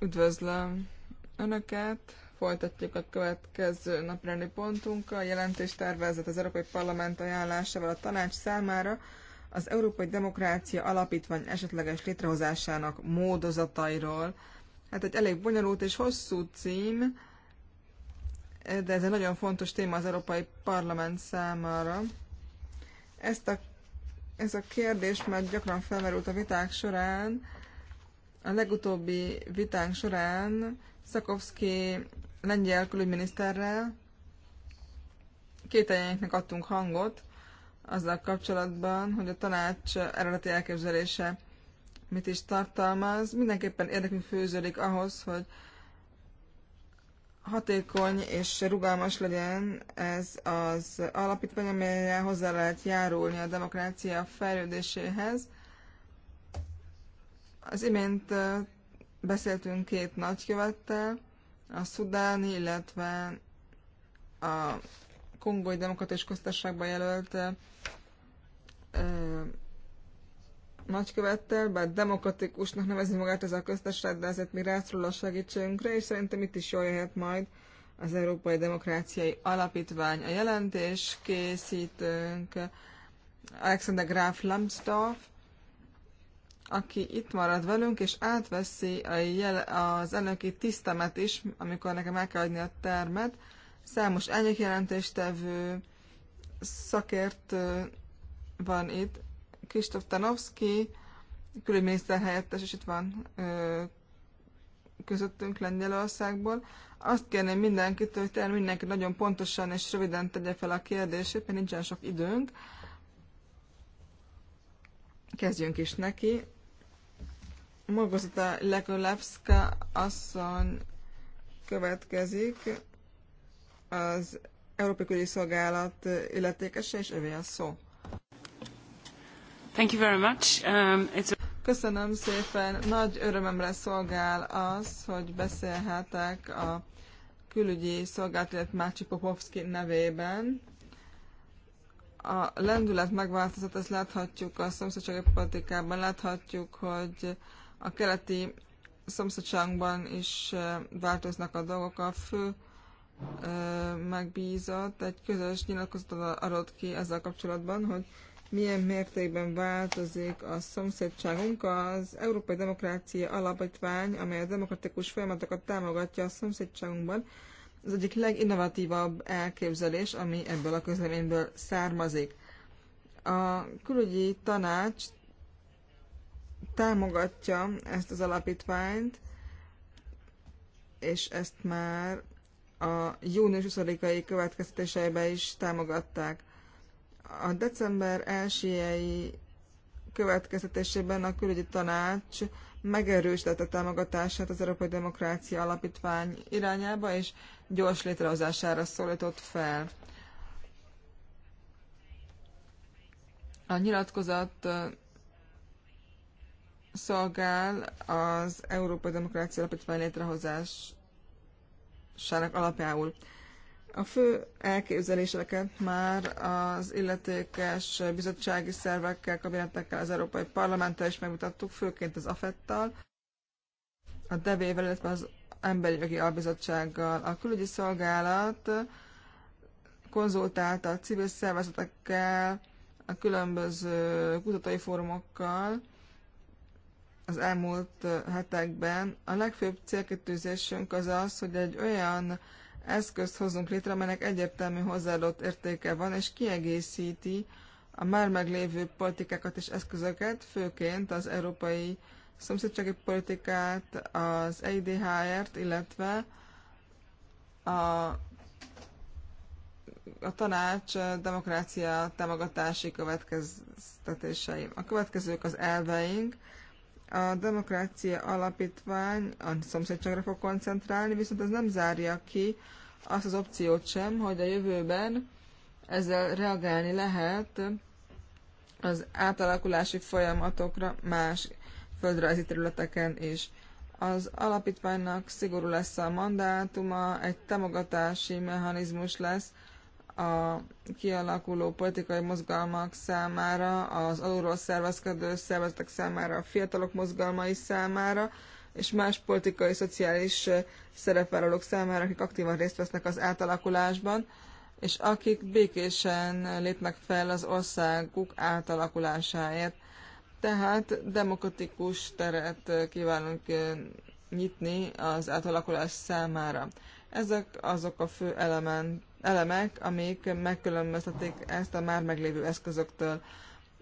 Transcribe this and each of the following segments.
Üdvözlöm Önöket! Folytatjuk a következő napirendi pontunkkal. A jelentés tervezett az Európai Parlament ajánlásával a tanács számára az Európai Demokrácia Alapítvány esetleges létrehozásának módozatairól. Hát egy elég bonyolult és hosszú cím, de ez egy nagyon fontos téma az Európai Parlament számára. Ezt a ez a kérdés már gyakran felmerült a viták során. A legutóbbi vitánk során Szakovszki lengyel külügyminiszterrel kételjeinknek adtunk hangot azzal kapcsolatban, hogy a tanács eredeti elképzelése mit is tartalmaz. Mindenképpen érdekünk főződik ahhoz, hogy hatékony és rugalmas legyen ez az alapítvány, amelyel hozzá lehet járulni a demokrácia fejlődéséhez. Az imént beszéltünk két nagykövettel, a szudáni, illetve a kongói demokratikus köztársaságban jelölt nagykövettel, bár demokratikusnak nevezi magát ez a köztesület, de ezért mi rászorul a segítségünkre, és szerintem itt is jól jöhet majd az Európai Demokráciai Alapítvány. A jelentés készítünk Alexander Graf Lambsdorff, aki itt marad velünk, és átveszi a jel, az elnöki tisztemet is, amikor nekem el kell adni a termet. Számos jelentéstevő szakértő van itt, Krisztof Tanovszki, külügyminiszter helyettes, és itt van közöttünk Lengyelországból. Azt kérném mindenkitől, hogy tényleg mindenki nagyon pontosan és röviden tegye fel a kérdését, mert nincsen sok időnk. Kezdjünk is neki. Magozata Lekolevska asszony következik az Európai Külügyi Szolgálat illetékese, és övé a szó. Um, Köszönöm szépen. Nagy örömömre szolgál az, hogy beszélhetek a külügyi szolgálatért Mácsi Popovski nevében. A lendület megváltozott, ezt láthatjuk a szomszédsági politikában, láthatjuk, hogy a keleti szomszédságban is változnak a dolgok. A fő megbízott egy közös nyilatkozatot adott ki ezzel kapcsolatban, hogy milyen mértékben változik a szomszédságunk. Az Európai Demokrácia Alapítvány, amely a demokratikus folyamatokat támogatja a szomszédságunkban, az egyik leginnovatívabb elképzelés, ami ebből a közleményből származik. A külügyi tanács támogatja ezt az alapítványt, és ezt már a június 20-ai következtetéseiben is támogatták. A december 1 következtetésében a külügyi tanács megerősítette támogatását az Európai Demokrácia Alapítvány irányába, és gyors létrehozására szólított fel. A nyilatkozat szolgál az Európai Demokrácia Alapítvány létrehozásának alapjául. A fő elképzeléseket már az illetékes bizottsági szervekkel, kabinetekkel, az Európai Parlamenttel is megmutattuk, főként az AFET-tal, a DEV-vel, illetve az Emberi Jogi Albizottsággal. A külügyi szolgálat konzultált a civil szervezetekkel, a különböző kutatói fórumokkal az elmúlt hetekben. A legfőbb célkitűzésünk az az, hogy egy olyan eszközt hozunk létre, amelynek egyértelmű hozzáadott értéke van, és kiegészíti a már meglévő politikákat és eszközöket, főként az európai szomszédsági politikát, az EIDHR-t, illetve a, a tanács demokrácia támogatási következtetéseim. A következők az elveink, a demokrácia alapítvány a szomszédságra fog koncentrálni, viszont ez nem zárja ki azt az opciót sem, hogy a jövőben ezzel reagálni lehet az átalakulási folyamatokra más földrajzi területeken is. Az alapítványnak szigorú lesz a mandátuma, egy támogatási mechanizmus lesz, a kialakuló politikai mozgalmak számára, az alulról szervezkedő szervezetek számára, a fiatalok mozgalmai számára, és más politikai, szociális szerepvállalók számára, akik aktívan részt vesznek az átalakulásban, és akik békésen lépnek fel az országuk átalakulásáért. Tehát demokratikus teret kívánunk nyitni az átalakulás számára. Ezek azok a fő elementek, elemek, amik megkülönböztetik ezt a már meglévő eszközöktől.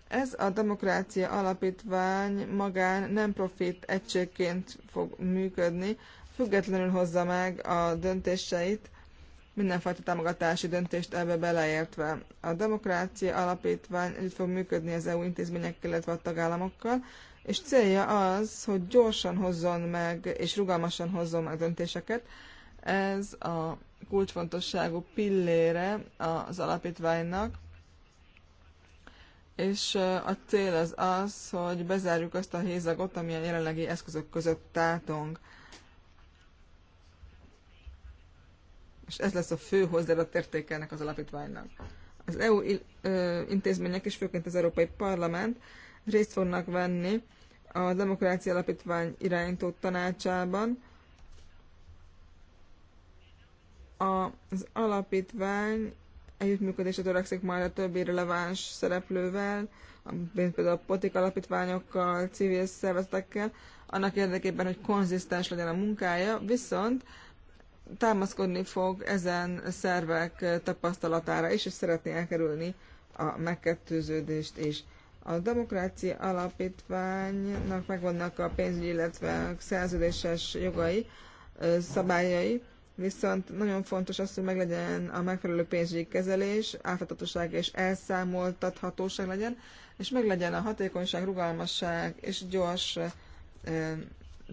Ez a demokrácia alapítvány magán nem profit egységként fog működni, függetlenül hozza meg a döntéseit, mindenfajta támogatási döntést ebbe beleértve. A demokrácia alapítvány együtt fog működni az EU intézményekkel, illetve a tagállamokkal, és célja az, hogy gyorsan hozzon meg és rugalmasan hozzon meg döntéseket. Ez a kulcsfontosságú pillére az alapítványnak, és a cél az az, hogy bezárjuk azt a hézagot, ami a jelenlegi eszközök között tátong. És ez lesz a fő hozzáadott értéke ennek az alapítványnak. Az EU intézmények és főként az Európai Parlament részt fognak venni a Demokrácia Alapítvány iránytó tanácsában, Az alapítvány együttműködésre törekszik majd a többi releváns szereplővel, mint például a potik alapítványokkal, civil szervezetekkel, annak érdekében, hogy konzisztens legyen a munkája, viszont támaszkodni fog ezen szervek tapasztalatára is, és szeretné elkerülni a megkettőződést is. A demokrácia alapítványnak megvannak a pénzügyi, illetve szerződéses jogai, szabályai, viszont nagyon fontos az, hogy meglegyen a megfelelő pénzügyi kezelés, átláthatóság és elszámoltathatóság legyen, és meglegyen a hatékonyság, rugalmasság és gyors e,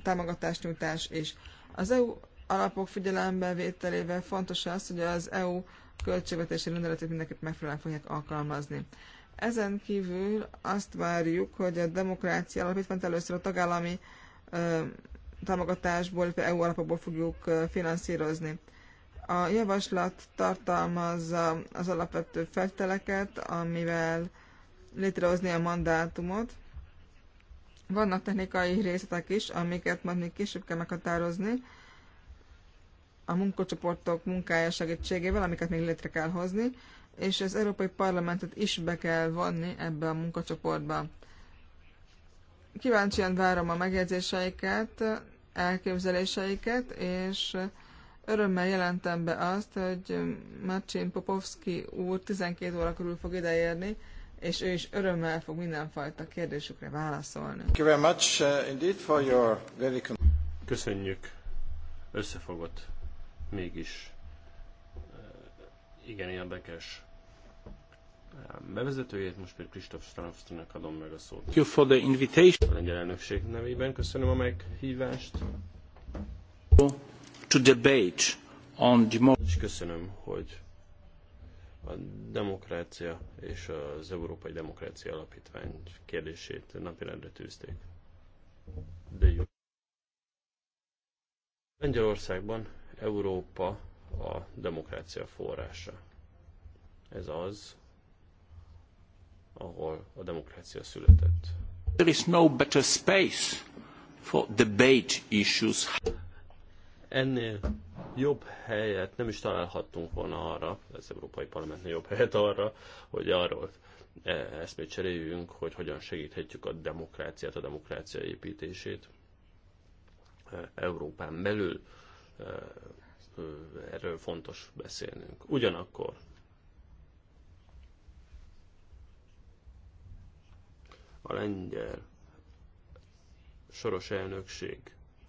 támogatásnyújtás is. Az EU alapok figyelembevételével fontos az, hogy az EU költségvetési rendeletét mindenképp megfelelően fogják alkalmazni. Ezen kívül azt várjuk, hogy a demokrácia alapítványt először a tagállami támogatásból, illetve EU alapokból fogjuk finanszírozni. A javaslat tartalmazza az alapvető felteleket, amivel létrehozni a mandátumot. Vannak technikai részletek is, amiket majd még később kell meghatározni a munkacsoportok munkája segítségével, amiket még létre kell hozni, és az Európai Parlamentet is be kell vonni ebbe a munkacsoportba. Kíváncsian várom a megjegyzéseiket, elképzeléseiket, és örömmel jelentem be azt, hogy Marcin Popovski úr 12 óra körül fog ideérni, és ő is örömmel fog mindenfajta kérdésükre válaszolni. Köszönjük összefogott mégis uh, igen érdekes bevezetőjét, most pedig Kristóf Strafstonnak adom meg a szót. Thank you for the invitation. A lengyel elnökség nevében köszönöm a meghívást. To debate on És köszönöm, hogy a demokrácia és az Európai Demokrácia Alapítvány kérdését napirendre tűzték. De jó. Lengyelországban Európa a demokrácia forrása. Ez az, ahol a demokrácia született. There is no better space for debate issues. Ennél jobb helyet nem is találhattunk volna arra, az Európai Parlamentnél jobb helyet arra, hogy arról ezt eh, még cseréljünk, hogy hogyan segíthetjük a demokráciát, a demokrácia építését eh, Európán belül. Eh, erről fontos beszélnünk. Ugyanakkor a lengyel soros elnökség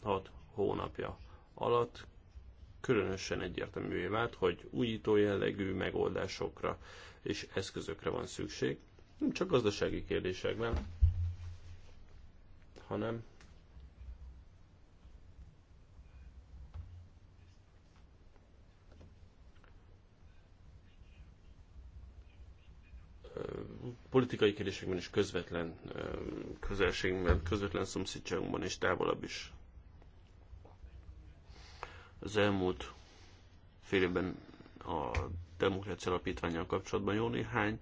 hat hónapja alatt különösen egyértelművé vált, hogy újító jellegű megoldásokra és eszközökre van szükség, nem csak gazdasági kérdésekben, hanem politikai kérdésekben is közvetlen közelségünkben, közvetlen szomszédságunkban és távolabb is. Az elmúlt fél évben a demokrácia alapítványjal kapcsolatban jó néhány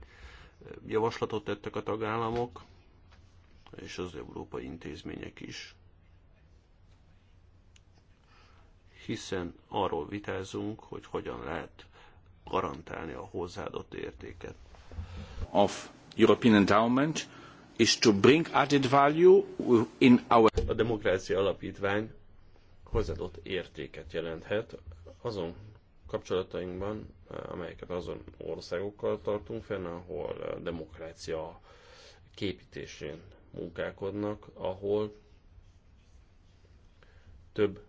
javaslatot tettek a tagállamok, és az európai intézmények is. Hiszen arról vitázunk, hogy hogyan lehet garantálni a hozzáadott értéket. Of European Endowment is to bring added value in our... A demokrácia alapítvány hozzáadott értéket jelenthet azon kapcsolatainkban, amelyeket azon országokkal tartunk fenn, ahol a demokrácia képítésén munkálkodnak, ahol több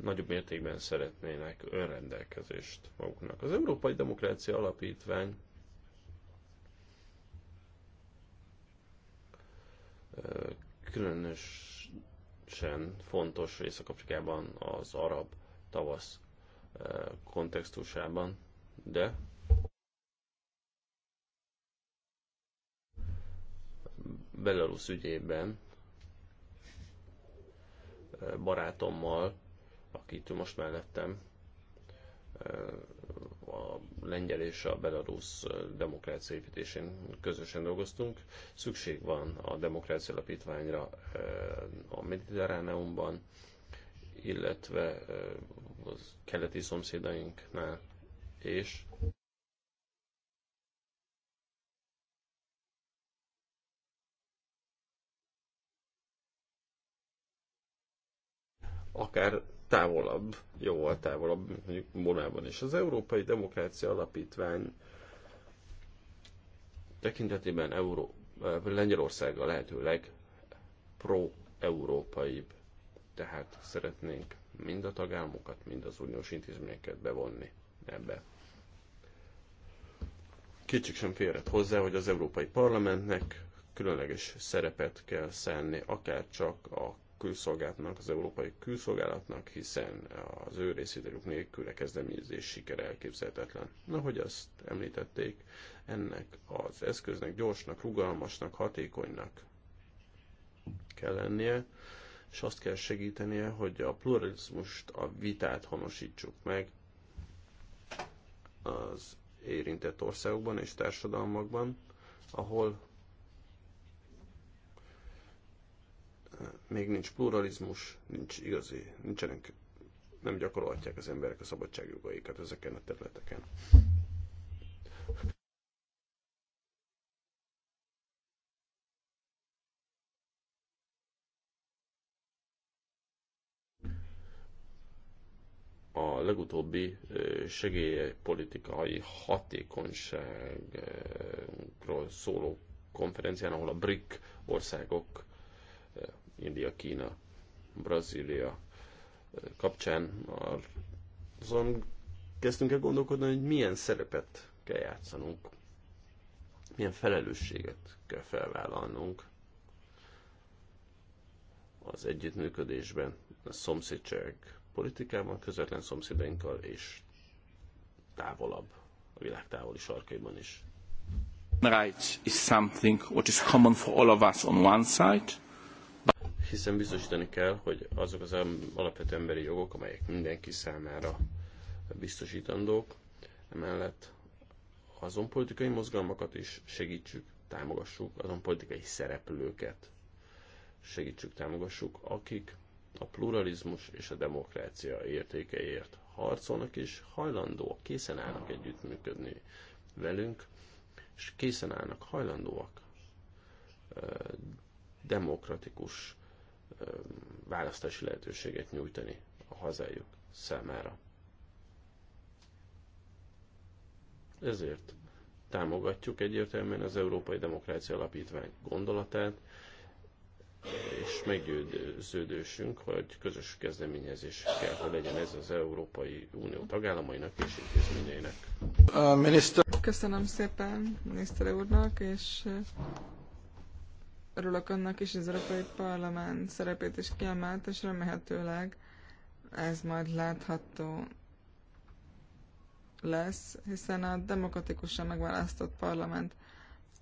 nagyobb mértékben szeretnének önrendelkezést maguknak. Az Európai Demokrácia Alapítvány Különösen fontos Észak-Afrikában az arab tavasz eh, kontextusában, de Belarus ügyében eh, barátommal, akit most mellettem a lengyel és a belarusz demokrácia építésén közösen dolgoztunk. Szükség van a demokrácia alapítványra a Mediterráneumban, illetve a keleti szomszédainknál, és akár távolabb, jóval távolabb, mondjuk Bonában is. Az Európai Demokrácia Alapítvány tekintetében Euró, eh, Lengyelország a lehető legpro-európaibb. Tehát szeretnénk mind a tagállamokat, mind az uniós intézményeket bevonni ebbe. Kicsik sem férhet hozzá, hogy az Európai Parlamentnek különleges szerepet kell szenni, akár csak a külszolgálatnak, az európai külszolgálatnak, hiszen az ő részvételük nélkül a kezdeményezés sikere elképzelhetetlen. hogy azt említették, ennek az eszköznek gyorsnak, rugalmasnak, hatékonynak kell lennie, és azt kell segítenie, hogy a pluralizmust, a vitát honosítsuk meg az érintett országokban és társadalmakban, ahol még nincs pluralizmus, nincs igazi, nincsenek, nem gyakorolhatják az emberek a szabadságjogaikat ezeken a területeken. a legutóbbi segélypolitikai hatékonyságról szóló konferencián, ahol a BRIC országok India, Kína, Brazília eh, kapcsán azon kezdtünk el gondolkodni, hogy milyen szerepet kell játszanunk, milyen felelősséget kell felvállalnunk az együttműködésben, a szomszédság politikában, közvetlen szomszédainkkal és távolabb, a világ távoli sarkaiban is. Right is something what is common for all of us on one side, hiszen biztosítani kell, hogy azok az alapvető emberi jogok, amelyek mindenki számára biztosítandók, emellett azon politikai mozgalmakat is segítsük, támogassuk, azon politikai szereplőket segítsük, támogassuk, akik a pluralizmus és a demokrácia értékeiért harcolnak, és hajlandóak, készen állnak együttműködni velünk, és készen állnak, hajlandóak demokratikus választási lehetőséget nyújtani a hazájuk számára. Ezért támogatjuk egyértelműen az Európai Demokrácia Alapítvány gondolatát, és meggyőződősünk, hogy közös kezdeményezés kell, hogy legyen ez az Európai Unió tagállamainak és intézményeinek. Köszönöm szépen miniszter úrnak, és örülök annak is, hogy az Európai Parlament szerepét is kiemelt, és remélhetőleg ez majd látható lesz, hiszen a demokratikusan megválasztott parlament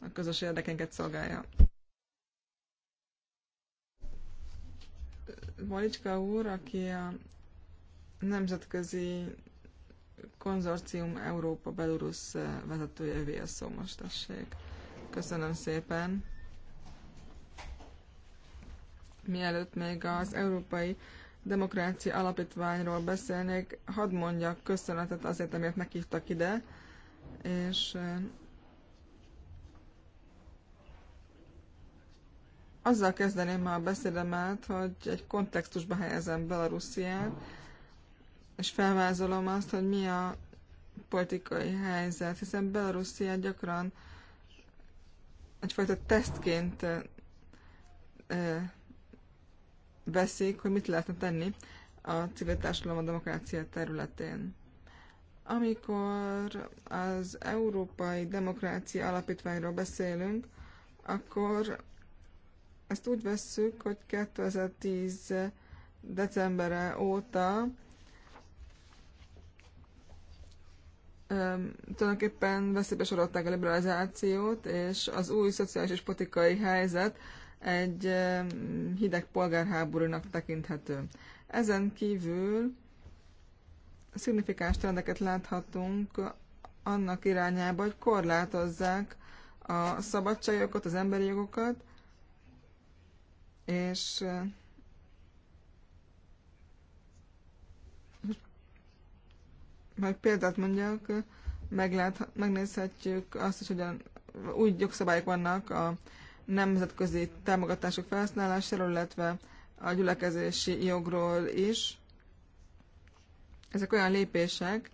a közös érdekeinket szolgálja. Valicska úr, aki a Nemzetközi Konzorcium Európa Belarus vezetője, a szó most tessék. Köszönöm szépen! mielőtt még az Európai Demokrácia Alapítványról beszélnék, hadd mondjak köszönetet azért, amiért meghívtak ide, és azzal kezdeném a beszédemet, hogy egy kontextusba helyezem Belarusziát, és felvázolom azt, hogy mi a politikai helyzet, hiszen Belarusiát gyakran egyfajta tesztként veszik, hogy mit lehetne tenni a civil társadalom a demokrácia területén. Amikor az Európai Demokrácia Alapítványról beszélünk, akkor ezt úgy vesszük, hogy 2010 decembere óta tulajdonképpen veszélybe sorolták a liberalizációt, és az új szociális és politikai helyzet egy hideg polgárháborúnak tekinthető. Ezen kívül szignifikáns trendeket láthatunk annak irányába, hogy korlátozzák a szabadságokat, az emberi jogokat, és majd példát mondjak, meglát, megnézhetjük azt is, hogyan úgy jogszabályok vannak a nemzetközi támogatások felhasználásáról, illetve a gyülekezési jogról is. Ezek olyan lépések,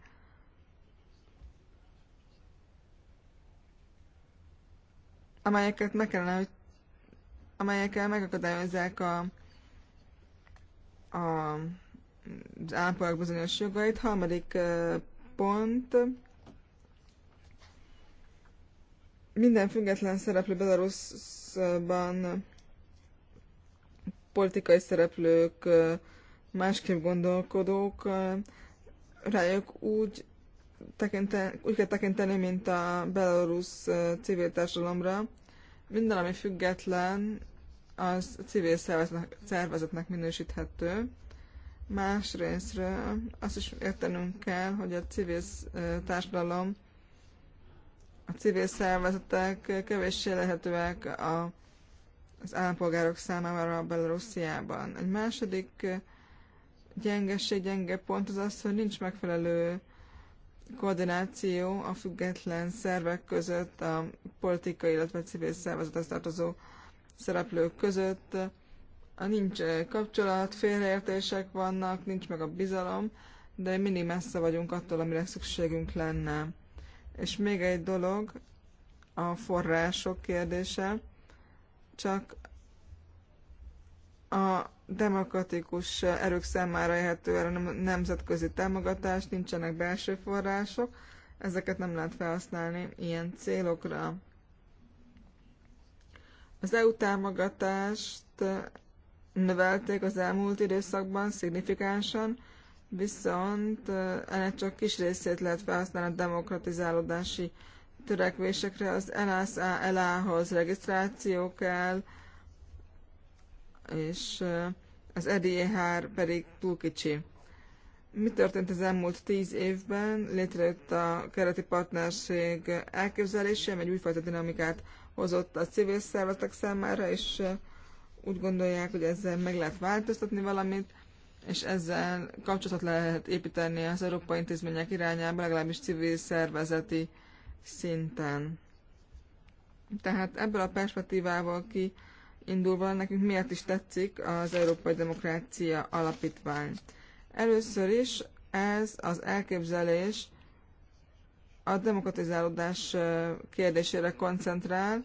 amelyeket meg kellene, hogy amelyekkel megakadályozzák a, a, az állampolgárok bizonyos jogait. Harmadik pont. Minden független szereplő Belarus ban politikai szereplők, másképp gondolkodók, rájuk úgy, tekinteni, úgy kell tekinteni, mint a belorusz civil társadalomra. Minden, ami független, az civil szervezetnek, szervezetnek minősíthető. Másrésztről azt is értenünk kell, hogy a civil társadalom a civil szervezetek kevéssé lehetőek a, az állampolgárok számára Belarusziában. Egy második gyengeség, gyenge pont az az, hogy nincs megfelelő koordináció a független szervek között, a politikai, illetve a civil szervezethez tartozó szereplők között. Nincs kapcsolat, félreértések vannak, nincs meg a bizalom, de mindig messze vagyunk attól, amire szükségünk lenne. És még egy dolog, a források kérdése, csak a demokratikus erők számára érhető erre nemzetközi támogatás, nincsenek belső források, ezeket nem lehet felhasználni ilyen célokra. Az EU támogatást növelték az elmúlt időszakban szignifikánsan, viszont eh, ennek csak kis részét lehet felhasználni a demokratizálódási törekvésekre. Az NSA hoz regisztráció kell, és eh, az EDHR pedig túl kicsi. Mi történt az elmúlt tíz évben? Létrejött a kereti partnerség elképzelése, egy újfajta dinamikát hozott a civil szervezetek számára, és eh, úgy gondolják, hogy ezzel meg lehet változtatni valamit és ezzel kapcsolatot lehet építeni az európai intézmények irányába, legalábbis civil szervezeti szinten. Tehát ebből a perspektívával ki indulva nekünk miért is tetszik az Európai Demokrácia Alapítvány. Először is ez az elképzelés a demokratizálódás kérdésére koncentrál,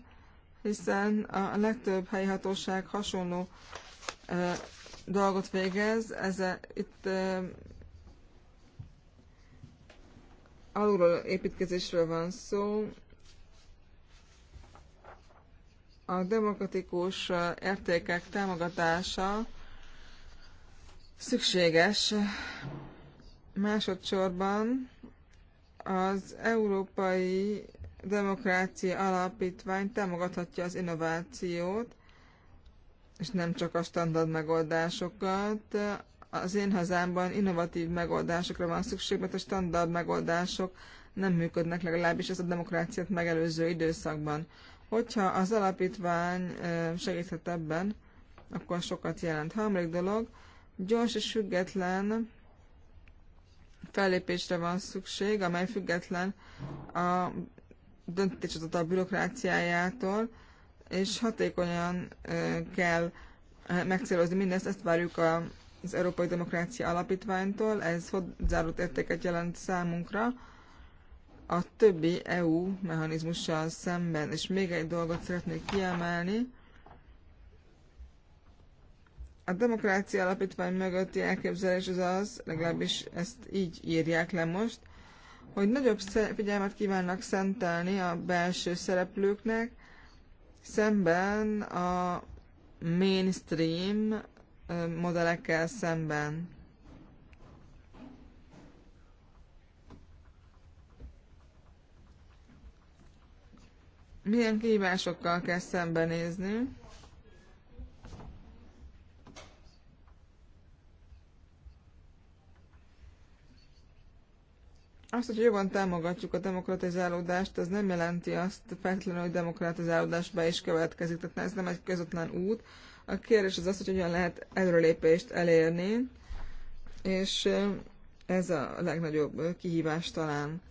hiszen a legtöbb helyi hatóság hasonló dolgot végez. ez itt uh, alulról építkezésről van szó. A demokratikus értékek támogatása szükséges. Másodszorban az Európai Demokrácia Alapítvány támogathatja az innovációt, és nem csak a standard megoldásokat. Az én hazámban innovatív megoldásokra van szükség, mert a standard megoldások nem működnek, legalábbis ez a demokráciát megelőző időszakban. Hogyha az alapítvány segíthet ebben, akkor sokat jelent. Harmadik dolog, gyors és független fellépésre van szükség, amely független a döntéshozatal bürokráciájától, és hatékonyan kell megcélozni mindezt, ezt várjuk a, az Európai Demokrácia Alapítványtól, ez hozzárult értéket jelent számunkra a többi EU mechanizmussal szemben. És még egy dolgot szeretnék kiemelni, a demokrácia alapítvány mögötti elképzelés az az, legalábbis ezt így írják le most, hogy nagyobb figyelmet kívánnak szentelni a belső szereplőknek, szemben a mainstream modellekkel szemben. Milyen kihívásokkal kell szembenézni? Azt, hogy jobban támogatjuk a demokratizálódást, az nem jelenti azt feltétlenül, hogy demokratizálódás be is következik, tehát ez nem egy közvetlen út. A kérdés az az, hogy hogyan lehet előrelépést elérni, és eh, ez a legnagyobb eh, kihívás talán.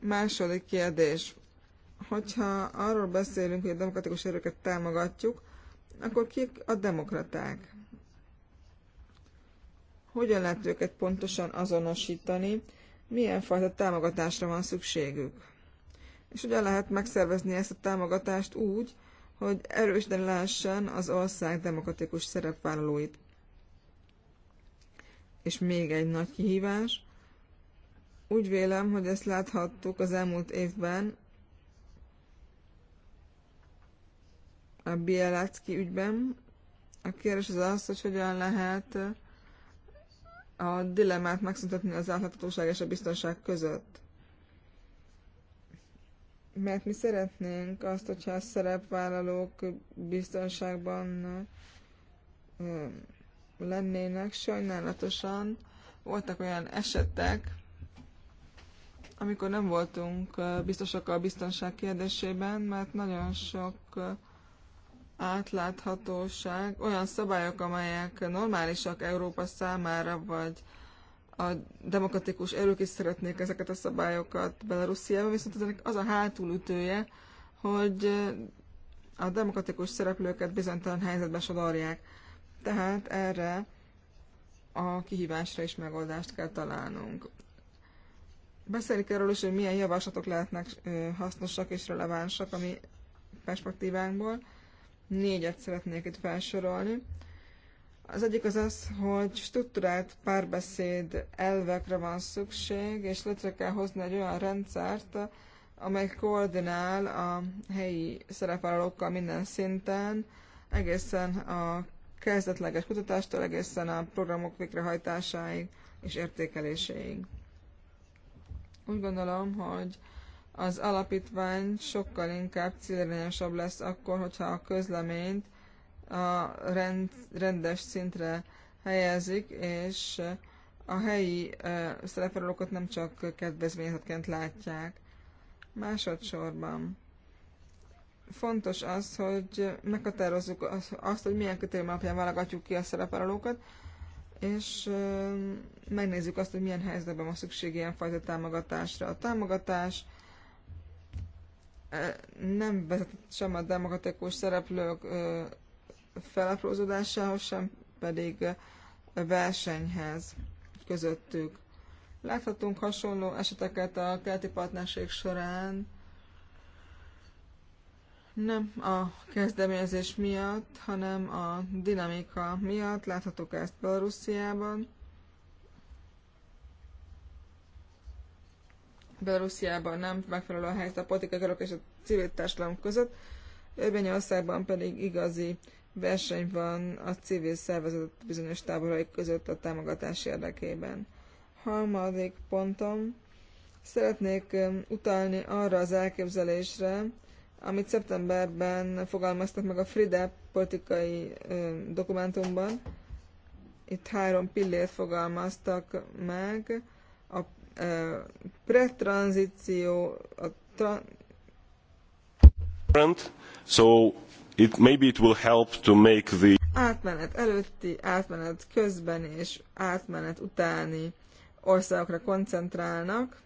Második kérdés. Hogyha arról beszélünk, hogy a demokratikus erőket támogatjuk, akkor kik a demokraták? Hogyan lehet őket pontosan azonosítani? milyen fajta támogatásra van szükségük. És ugyan lehet megszervezni ezt a támogatást úgy, hogy erősíteni lehessen az ország demokratikus szerepvállalóit. És még egy nagy kihívás. Úgy vélem, hogy ezt láthattuk az elmúlt évben a Bielacki ügyben. A kérdés az az, hogy hogyan lehet a dilemmát megszüntetni az átláthatóság és a biztonság között. Mert mi szeretnénk azt, hogyha a szerepvállalók biztonságban lennének, sajnálatosan voltak olyan esetek, amikor nem voltunk biztosak a biztonság kérdésében, mert nagyon sok átláthatóság, olyan szabályok, amelyek normálisak Európa számára, vagy a demokratikus erők is szeretnék ezeket a szabályokat Belarusziában, viszont ennek az a hátulütője, hogy a demokratikus szereplőket bizonytalan helyzetbe sodorják. Tehát erre a kihívásra is megoldást kell találnunk. Beszélik erről is, hogy milyen javaslatok lehetnek hasznosak és relevánsak a mi perspektívánkból négyet szeretnék itt felsorolni. Az egyik az az, hogy struktúrált párbeszéd elvekre van szükség, és létre kell hozni egy olyan rendszert, amely koordinál a helyi szerepvállalókkal minden szinten, egészen a kezdetleges kutatástól egészen a programok végrehajtásáig és értékeléséig. Úgy gondolom, hogy az alapítvány sokkal inkább célirányosabb lesz akkor, hogyha a közleményt a rend, rendes szintre helyezik, és a helyi uh, nem csak kedvezményezetként látják. Másodszorban fontos az, hogy meghatározzuk azt, hogy milyen kötélem alapján válogatjuk ki a szerepelőket, és megnézzük azt, hogy milyen helyzetben van szükség ilyenfajta támogatásra. A támogatás nem vezetett sem a demokratikus szereplők felaprózódásához, sem pedig versenyhez közöttük. Láthatunk hasonló eseteket a keleti partnerség során, nem a kezdeményezés miatt, hanem a dinamika miatt. láthatok ezt Belarusziában. Belarusiában nem megfelelő a helyzet a politikai körök és a civil társadalom között, Örményországban pedig igazi verseny van a civil szervezet bizonyos táborai között a támogatás érdekében. Harmadik pontom. Szeretnék um, utalni arra az elképzelésre, amit szeptemberben fogalmaztak meg a Frida politikai um, dokumentumban. Itt három pillért fogalmaztak meg, a pretranzíció, a tra- so it, maybe it will help to make the átmenet előtti, átmenet közben és átmenet utáni országokra koncentrálnak.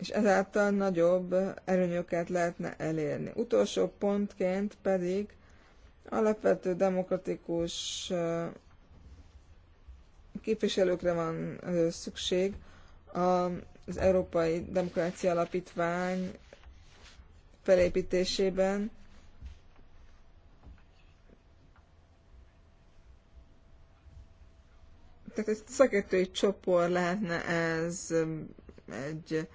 és ezáltal nagyobb erőnyöket lehetne elérni. Utolsó pontként pedig alapvető demokratikus képviselőkre van szükség. Az Európai Demokrácia Alapítvány felépítésében tehát egy szakértői csoport lehetne ez, egy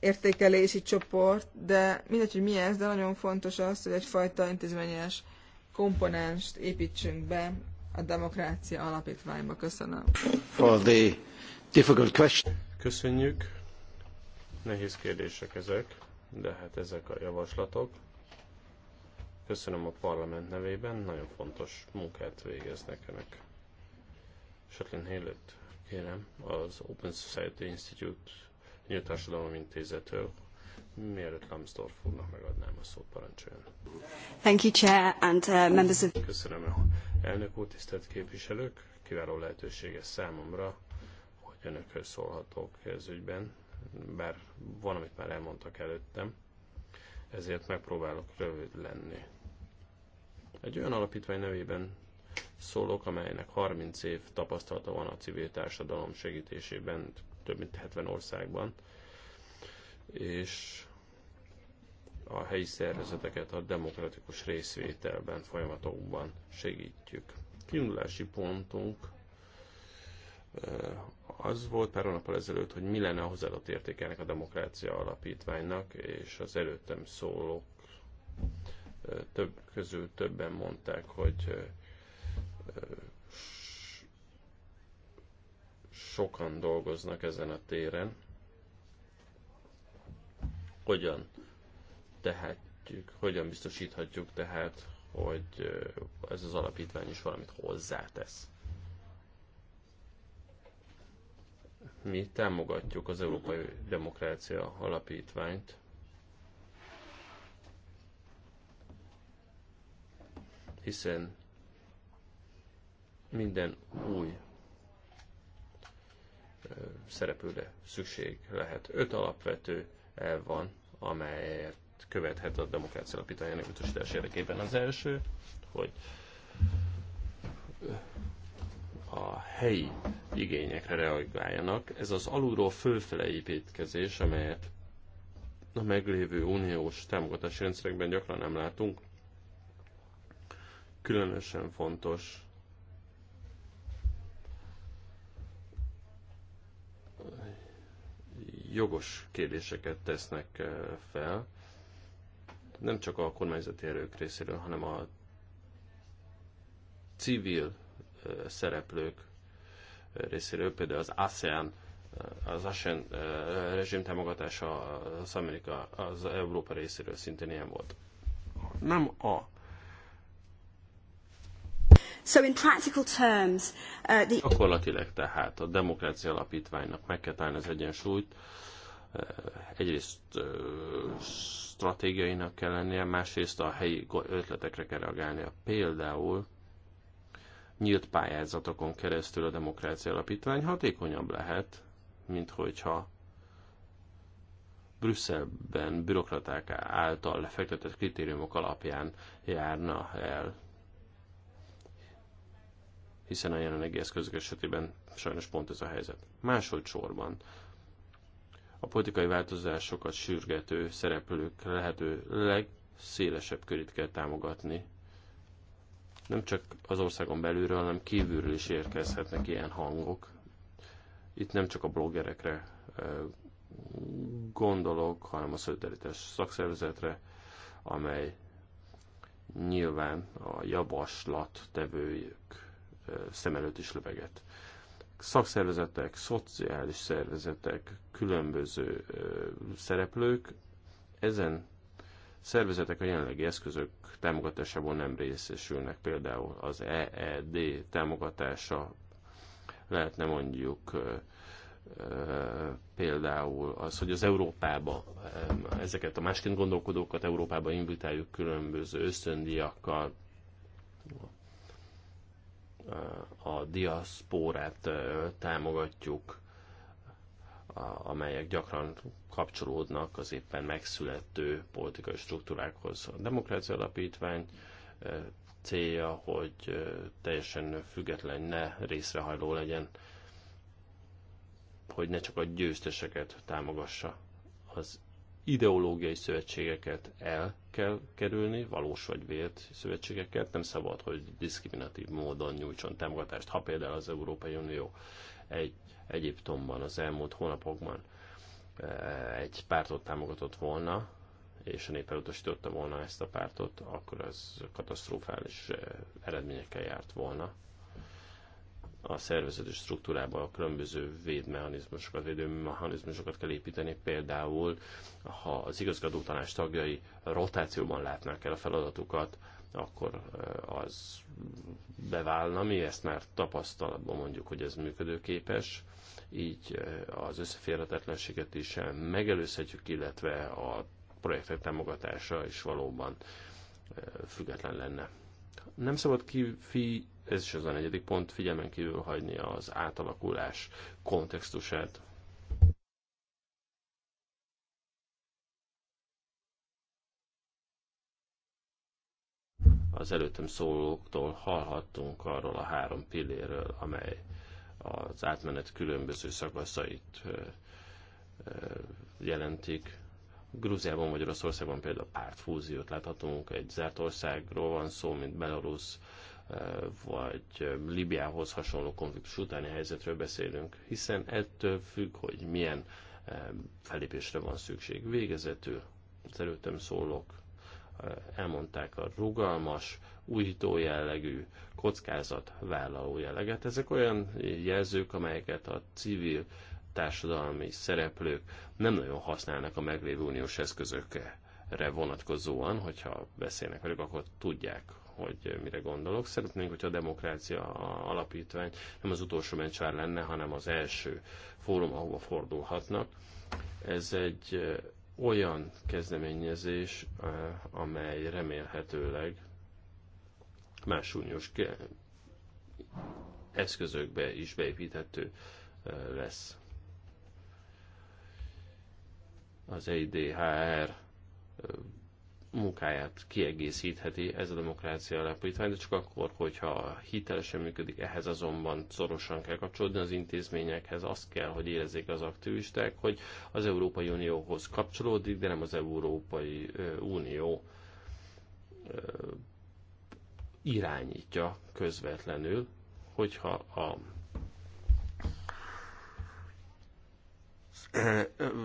értékelési csoport, de mindegy, hogy mi ez, de nagyon fontos az, hogy egyfajta intézményes komponenst építsünk be a Demokrácia Alapítványba. Köszönöm. For the difficult question. Köszönjük. Nehéz kérdések ezek, de hát ezek a javaslatok. Köszönöm a parlament nevében, nagyon fontos munkát végeznek önök. Shatlin Hélőt kérem az Open Society Institute Nyílt Társadalmi Intézettől, mielőtt Lambsdorff úrnak megadnám a szót, parancsoljon. Thank you, Chair, and uh, members of... Köszönöm, Elnök úr, tisztelt képviselők, kiváló lehetőség ez számomra, hogy önökhöz szólhatok ez ügyben, bár van, amit már elmondtak előttem, ezért megpróbálok rövid lenni. Egy olyan alapítvány nevében szólok, amelynek 30 év tapasztalata van a civil társadalom segítésében több mint 70 országban, és a helyi szervezeteket a demokratikus részvételben, folyamatokban segítjük. Kiindulási pontunk eh, az volt pár hónappal ezelőtt, hogy mi lenne a hozzáadott értékelnek a demokrácia alapítványnak, és az előttem szólók eh, több közül többen mondták, hogy eh, sokan dolgoznak ezen a téren. Hogyan tehetjük, hogyan biztosíthatjuk tehát, hogy ez az alapítvány is valamit hozzátesz. Mi támogatjuk az Európai Demokrácia Alapítványt, hiszen minden új szereplőre szükség lehet. Öt alapvető el van, amelyet követhet a demokrácia alapítványának biztosítás érdekében. Az első, hogy a helyi igényekre reagáljanak. Ez az alulról fölfele építkezés, amelyet a meglévő uniós támogatási rendszerekben gyakran nem látunk. Különösen fontos jogos kérdéseket tesznek fel, nem csak a kormányzati erők részéről, hanem a civil szereplők részéről, például az ASEAN, az ASEAN rezsim támogatása az Amerika, az Európa részéről szintén ilyen volt. Nem a So in practical terms, uh, the... Gyakorlatilag tehát a demokrácia alapítványnak meg kell találni az egyensúlyt. Egyrészt uh, stratégiainak kell lennie, másrészt a helyi ötletekre kell reagálnia. Például nyílt pályázatokon keresztül a demokrácia alapítvány hatékonyabb lehet, mint hogyha Brüsszelben bürokraták által lefektetett kritériumok alapján járna el. Hiszen a jelenlegi eszközök esetében sajnos pont ez a helyzet. Másodszorban sorban a politikai változásokat sürgető szereplők lehető legszélesebb körét kell támogatni. Nem csak az országon belülről, hanem kívülről is érkezhetnek ilyen hangok. Itt nem csak a bloggerekre gondolok, hanem a szolidaritás szakszervezetre, amely nyilván a javaslat tevőjük szem előtt is löveget szakszervezetek, szociális szervezetek, különböző szereplők ezen szervezetek a jelenlegi eszközök támogatásából nem részesülnek. Például az EED támogatása lehetne mondjuk például az, hogy az Európába ezeket a másként gondolkodókat Európába invitáljuk különböző ösztöndiakkal, a diaszpórát támogatjuk, amelyek gyakran kapcsolódnak az éppen megszülető politikai struktúrákhoz. A Demokrácia Alapítvány célja, hogy teljesen független, ne részrehajló legyen, hogy ne csak a győzteseket támogassa, az ideológiai szövetségeket el kell kerülni, valós vagy vélt szövetségeket, nem szabad, hogy diszkriminatív módon nyújtson támogatást, ha például az Európai Unió egy Egyiptomban az elmúlt hónapokban eh, egy pártot támogatott volna, és a nép elutasította volna ezt a pártot, akkor az katasztrofális eh, eredményekkel járt volna a szervezeti struktúrában a különböző védmechanizmusokat, védőmechanizmusokat kell építeni, például ha az igazgató tanács tagjai rotációban látnák el a feladatukat, akkor az beválna, mi ezt már tapasztalatban mondjuk, hogy ez működőképes, így az összeférhetetlenséget is megelőzhetjük, illetve a projektek támogatása is valóban független lenne. Nem szabad kifi, ez is az a negyedik pont, figyelmen kívül hagyni az átalakulás kontextusát. Az előttem szólóktól hallhattunk arról a három pilléről, amely az átmenet különböző szakaszait jelentik. Grúziában vagy például pártfúziót láthatunk, egy zárt országról van szó, mint Belarus, eh, vagy eh, Libiához hasonló konfliktus utáni helyzetről beszélünk, hiszen ettől függ, hogy milyen eh, felépésre van szükség. Végezetül az előttem szólók elmondták a rugalmas, újító jellegű, kockázatvállaló jelleget. Ezek olyan jelzők, amelyeket a civil társadalmi szereplők nem nagyon használnak a meglévő uniós eszközökre vonatkozóan, hogyha beszélnek velük, akkor tudják, hogy mire gondolok. Szeretnénk, hogy a demokrácia a alapítvány nem az utolsó mencsvár lenne, hanem az első fórum, ahova fordulhatnak. Ez egy olyan kezdeményezés, amely remélhetőleg más uniós eszközökbe is beépíthető lesz az EIDHR munkáját kiegészítheti ez a demokrácia alapítvány, de csak akkor, hogyha hitelesen működik, ehhez azonban szorosan kell kapcsolódni az intézményekhez, azt kell, hogy érezzék az aktivisták, hogy az Európai Unióhoz kapcsolódik, de nem az Európai Unió irányítja közvetlenül, hogyha a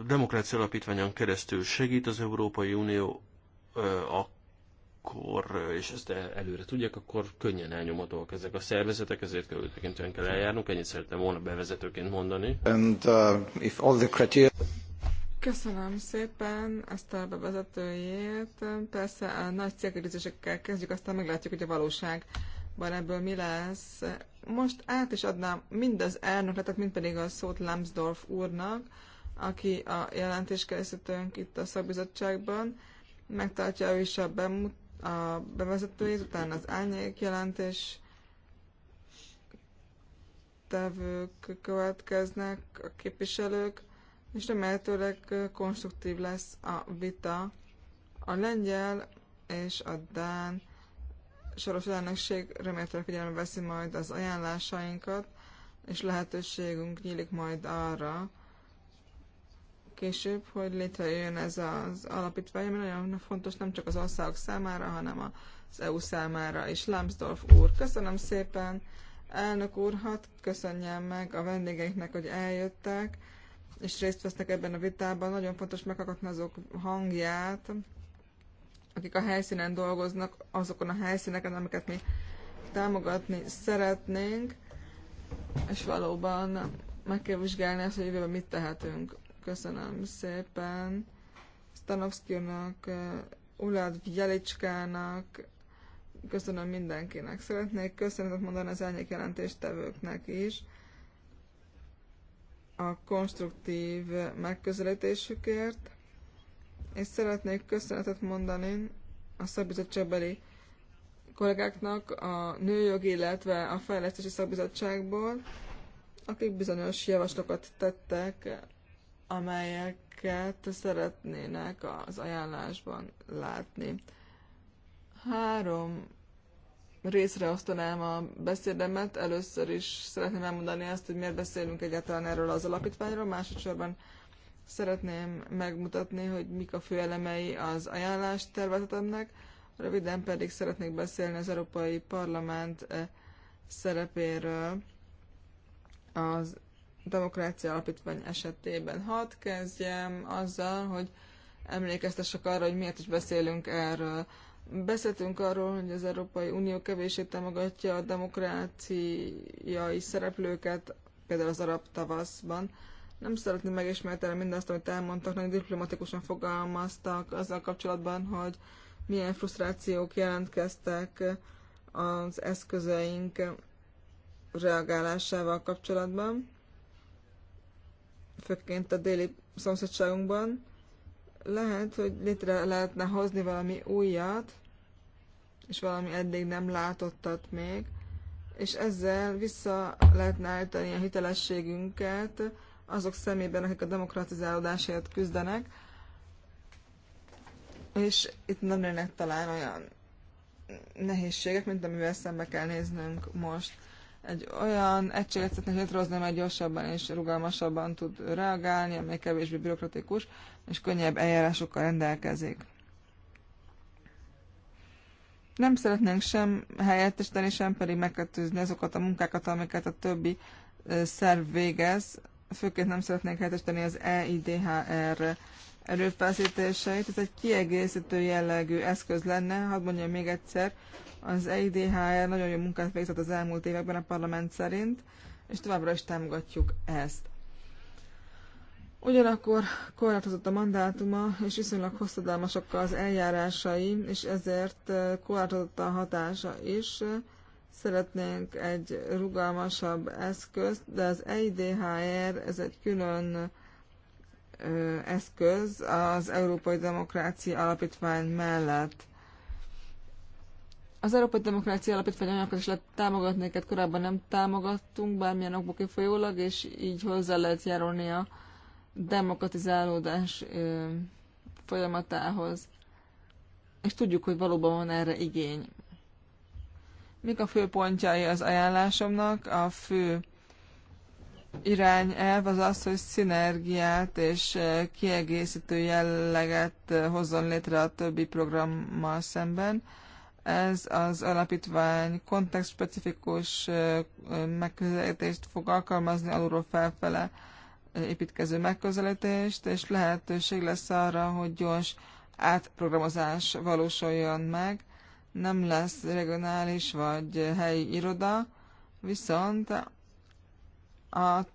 demokrácia alapítványon keresztül segít az Európai Unió, akkor, és ezt előre tudják, akkor könnyen elnyomatóak ezek a szervezetek, ezért kell körültekintően kell eljárnunk, ennyit szerettem volna bevezetőként mondani. And, uh, if all the criteria... Köszönöm szépen ezt a bevezetőjét. Persze a nagy célkérdésekkel kezdjük, aztán meglátjuk, hogy a valóság van ebből mi lesz. Most át is adnám mind az elnökletet, mind pedig a szót Lambsdorff úrnak aki a jelentés készítőnk itt a szakbizottságban, megtartja ő is a, bemut, a bevezetőjét, utána az álnyék jelentés tevők következnek, a képviselők, és remélhetőleg konstruktív lesz a vita. A lengyel és a dán soros elnökség remélhetőleg figyelembe veszi majd az ajánlásainkat, és lehetőségünk nyílik majd arra, később, hogy létrejön ez az alapítvány, ami nagyon fontos nem csak az országok számára, hanem az EU számára is. Lambsdorff úr, köszönöm szépen! Elnök úr, hadd köszönjem meg a vendégeinknek, hogy eljöttek, és részt vesznek ebben a vitában. Nagyon fontos meghallgatni azok hangját, akik a helyszínen dolgoznak, azokon a helyszíneken, amiket mi támogatni szeretnénk, és valóban meg kell vizsgálni azt, hogy jövőben mit tehetünk köszönöm szépen Stanovszkinak, eh, Ulad Vigyelicskának, köszönöm mindenkinek. Szeretnék köszönetet mondani az elnyék jelentéstevőknek is a konstruktív megközelítésükért, és szeretnék köszönetet mondani a szakbizottságbeli kollégáknak a nőjogi, illetve a fejlesztési szakbizottságból, akik bizonyos javaslatokat tettek amelyeket szeretnének az ajánlásban látni. Három részre osztanám a beszédemet. Először is szeretném elmondani azt, hogy miért beszélünk egyáltalán erről az alapítványról. Másodszorban szeretném megmutatni, hogy mik a fő elemei az ajánlást tervezetemnek. Röviden pedig szeretnék beszélni az Európai Parlament eh, szerepéről az demokrácia alapítvány esetében. Hadd kezdjem azzal, hogy emlékeztessek arra, hogy miért is beszélünk erről. Beszéltünk arról, hogy az Európai Unió kevését támogatja a demokráciai szereplőket, például az arab tavaszban. Nem szeretném megismételni mindazt, amit elmondtak, nagyon diplomatikusan fogalmaztak azzal kapcsolatban, hogy milyen frusztrációk jelentkeztek az eszközeink reagálásával kapcsolatban főként a déli szomszédságunkban. Lehet, hogy létre lehetne hozni valami újat, és valami eddig nem látottat még, és ezzel vissza lehetne állítani a hitelességünket azok szemében, akik a demokratizálódásért küzdenek, és itt nem lennek talán olyan nehézségek, mint amivel szembe kell néznünk most egy olyan egységet szeretnék létrehozni, amely gyorsabban és rugalmasabban tud reagálni, amely kevésbé bürokratikus és könnyebb eljárásokkal rendelkezik. Nem szeretnénk sem helyettesíteni, sem pedig megkötőzni azokat a munkákat, amiket a többi szerv végez. Főként nem szeretnénk helyettesíteni az EIDHR erőfeszítéseit. Ez egy kiegészítő jellegű eszköz lenne. Hadd mondjam még egyszer, az EIDHR nagyon jó munkát végzett az elmúlt években a parlament szerint, és továbbra is támogatjuk ezt. Ugyanakkor korlátozott a mandátuma, és viszonylag hosszadalmasak az eljárásai, és ezért eh, korlátozott a hatása is. Szeretnénk egy rugalmasabb eszközt, de az EIDHR ez egy külön eszköz az Európai Demokrácia Alapítvány mellett. Az Európai Demokrácia Alapítvány olyanokat is lehet támogatni, őket korábban nem támogattunk, bármilyen okból kifolyólag, és így hozzá lehet járulni a demokratizálódás folyamatához. És tudjuk, hogy valóban van erre igény. Mik a fő pontjai az ajánlásomnak? A fő irányelv az az, hogy szinergiát és kiegészítő jelleget hozzon létre a többi programmal szemben. Ez az alapítvány kontextspecifikus megközelítést fog alkalmazni alulról felfele építkező megközelítést, és lehetőség lesz arra, hogy gyors átprogramozás valósuljon meg. Nem lesz regionális vagy helyi iroda, viszont a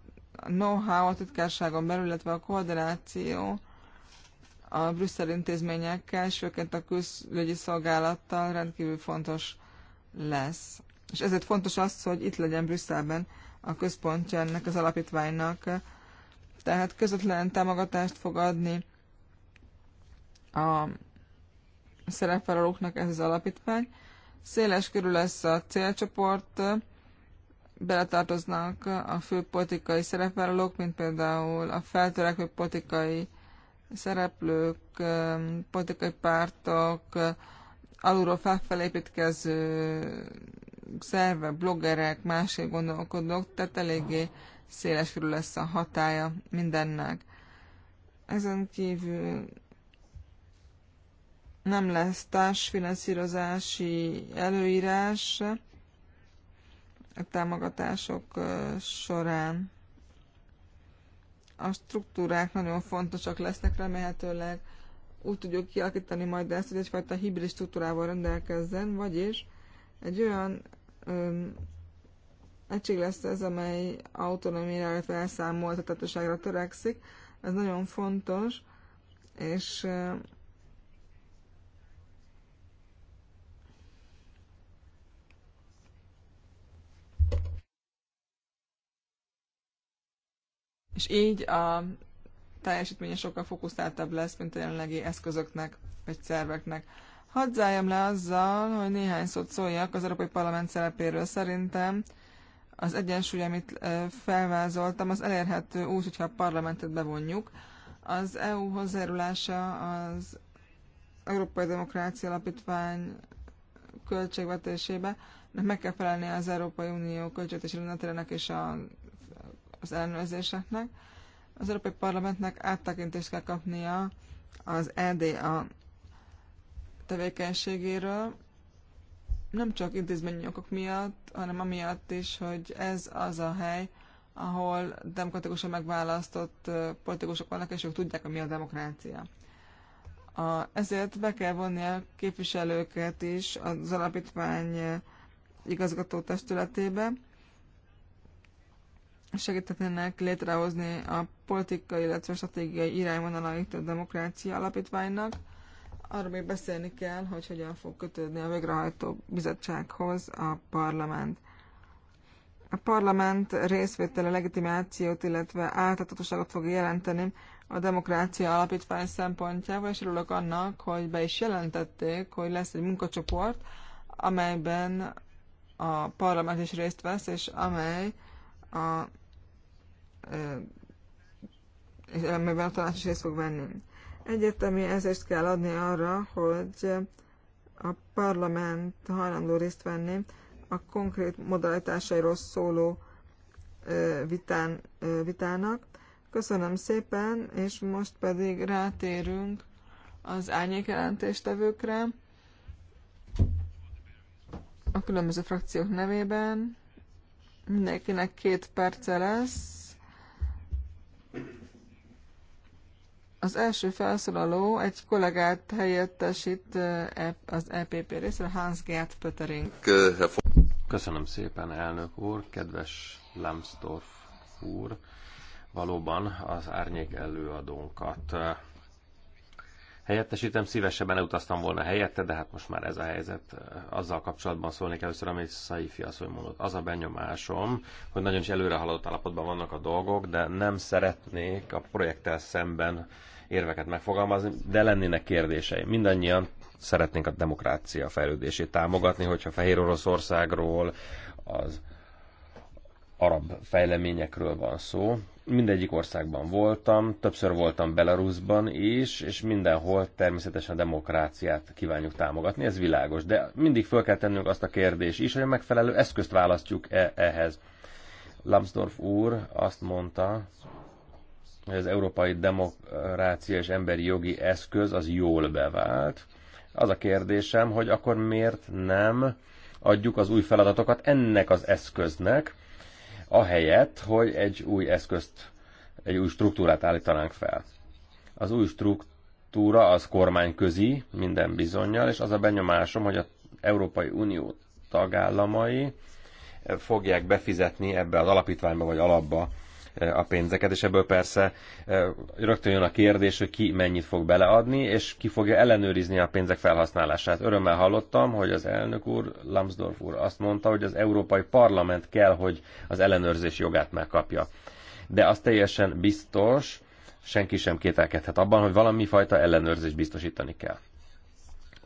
know-how a titkárságon belül, illetve a koordináció a brüsszeli intézményekkel, és főként a külügyi szolgálattal rendkívül fontos lesz. És ezért fontos az, hogy itt legyen Brüsszelben a központja ennek az alapítványnak, tehát közvetlen támogatást fog adni a szerepvállalóknak ez az alapítvány. Széles körül lesz a célcsoport, beletartoznak a fő politikai szerepvállalók, mint például a feltörekvő politikai szereplők, politikai pártok, alulról felfelépítkező szerve, bloggerek, másik gondolkodók, tehát eléggé széles körül lesz a hatája mindennek. Ezen kívül nem lesz társfinanszírozási előírás, a támogatások során. A struktúrák nagyon fontosak lesznek, remélhetőleg úgy tudjuk kialakítani majd ezt, hogy egyfajta hibrid struktúrával rendelkezzen, vagyis egy olyan öm, egység lesz ez, amely autonómiára, illetve elszámoltatatoságra törekszik. Ez nagyon fontos, és és így a teljesítménye sokkal fókuszáltabb lesz, mint a jelenlegi eszközöknek vagy szerveknek. Hadd zárjam le azzal, hogy néhány szót szóljak az Európai Parlament szerepéről. Szerintem az egyensúly, amit felvázoltam, az elérhető úgy, hogyha a parlamentet bevonjuk. Az EU hozzájárulása az Európai Demokrácia Alapítvány költségvetésébe, meg kell felelni az Európai Unió költségvetési rendetelének és a az ellenőrzéseknek. Az Európai Parlamentnek áttekintést kell kapnia az EDA tevékenységéről, nem csak intézményi okok miatt, hanem amiatt is, hogy ez az a hely, ahol demokratikusan megválasztott politikusok vannak, és ők tudják, hogy mi a demokrácia. A, ezért be kell vonni a képviselőket is az alapítvány igazgató testületébe, segítetnének létrehozni a politikai, illetve stratégiai irányvonalait a demokrácia alapítványnak. Arról még beszélni kell, hogy hogyan fog kötődni a végrehajtó bizottsághoz a parlament. A parlament részvétele legitimációt, illetve áltatotosságot fog jelenteni a demokrácia alapítvány szempontjából, és örülök annak, hogy be is jelentették, hogy lesz egy munkacsoport, amelyben a parlament is részt vesz, és amely a és amelyben a tanács is részt fog venni. Egyértelmű ezért kell adni arra, hogy a parlament hajlandó részt venni a konkrét modalitásairól szóló vitán, vitának. Köszönöm szépen, és most pedig rátérünk az árnyékjelentéstevőkre a különböző frakciók nevében. Mindenkinek két perce lesz. Az első felszólaló egy kollégát helyettesít eh, az EPP részre, Hans Gert Pöttering. Köszönöm szépen, elnök úr, kedves Lambsdorff úr. Valóban az árnyék előadónkat eh, helyettesítem. Szívesebben elutaztam volna helyette, de hát most már ez a helyzet. Azzal kapcsolatban szólnék először, amit Szaifi asszony mondott. Az a benyomásom, hogy nagyon is előre haladott állapotban vannak a dolgok, de nem szeretnék a projekttel szemben érveket megfogalmazni, de lennének kérdései. Mindannyian szeretnénk a demokrácia fejlődését támogatni, hogyha Fehér Oroszországról, az arab fejleményekről van szó. Mindegyik országban voltam, többször voltam Belarusban is, és mindenhol természetesen a demokráciát kívánjuk támogatni, ez világos. De mindig fel kell tennünk azt a kérdést is, hogy a megfelelő eszközt választjuk -e ehhez. Lambsdorff úr azt mondta, hogy az európai demokrácia és emberi jogi eszköz az jól bevált. Az a kérdésem, hogy akkor miért nem adjuk az új feladatokat ennek az eszköznek, ahelyett, hogy egy új eszközt, egy új struktúrát állítanánk fel. Az új struktúra az kormányközi, minden bizonyal, és az a benyomásom, hogy az Európai Unió tagállamai fogják befizetni ebbe az alapítványba vagy alapba a pénzeket, és ebből persze e, rögtön jön a kérdés, hogy ki mennyit fog beleadni, és ki fogja ellenőrizni a pénzek felhasználását. Örömmel hallottam, hogy az elnök úr, Lambsdorff úr azt mondta, hogy az Európai Parlament kell, hogy az ellenőrzés jogát megkapja. De az teljesen biztos, senki sem kételkedhet abban, hogy valami fajta ellenőrzés biztosítani kell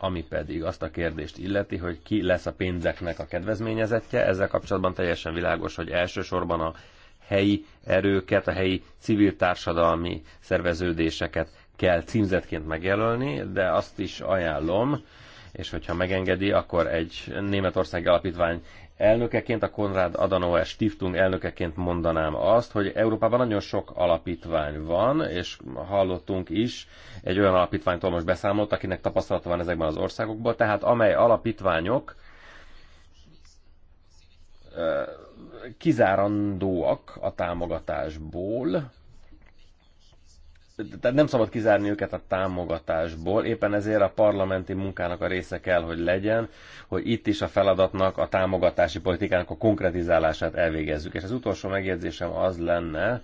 ami pedig azt a kérdést illeti, hogy ki lesz a pénzeknek a kedvezményezettje. Ezzel kapcsolatban teljesen világos, hogy elsősorban a helyi erőket, a helyi civil társadalmi szerveződéseket kell címzetként megjelölni, de azt is ajánlom, és hogyha megengedi, akkor egy Németország alapítvány elnökeként, a Konrad Adenauer Stiftung elnökeként mondanám azt, hogy Európában nagyon sok alapítvány van, és hallottunk is egy olyan alapítványtól most beszámolt, akinek tapasztalata van ezekben az országokban, tehát amely alapítványok kizárandóak a támogatásból, tehát nem szabad kizárni őket a támogatásból, éppen ezért a parlamenti munkának a része kell, hogy legyen, hogy itt is a feladatnak, a támogatási politikának a konkretizálását elvégezzük. És az utolsó megjegyzésem az lenne,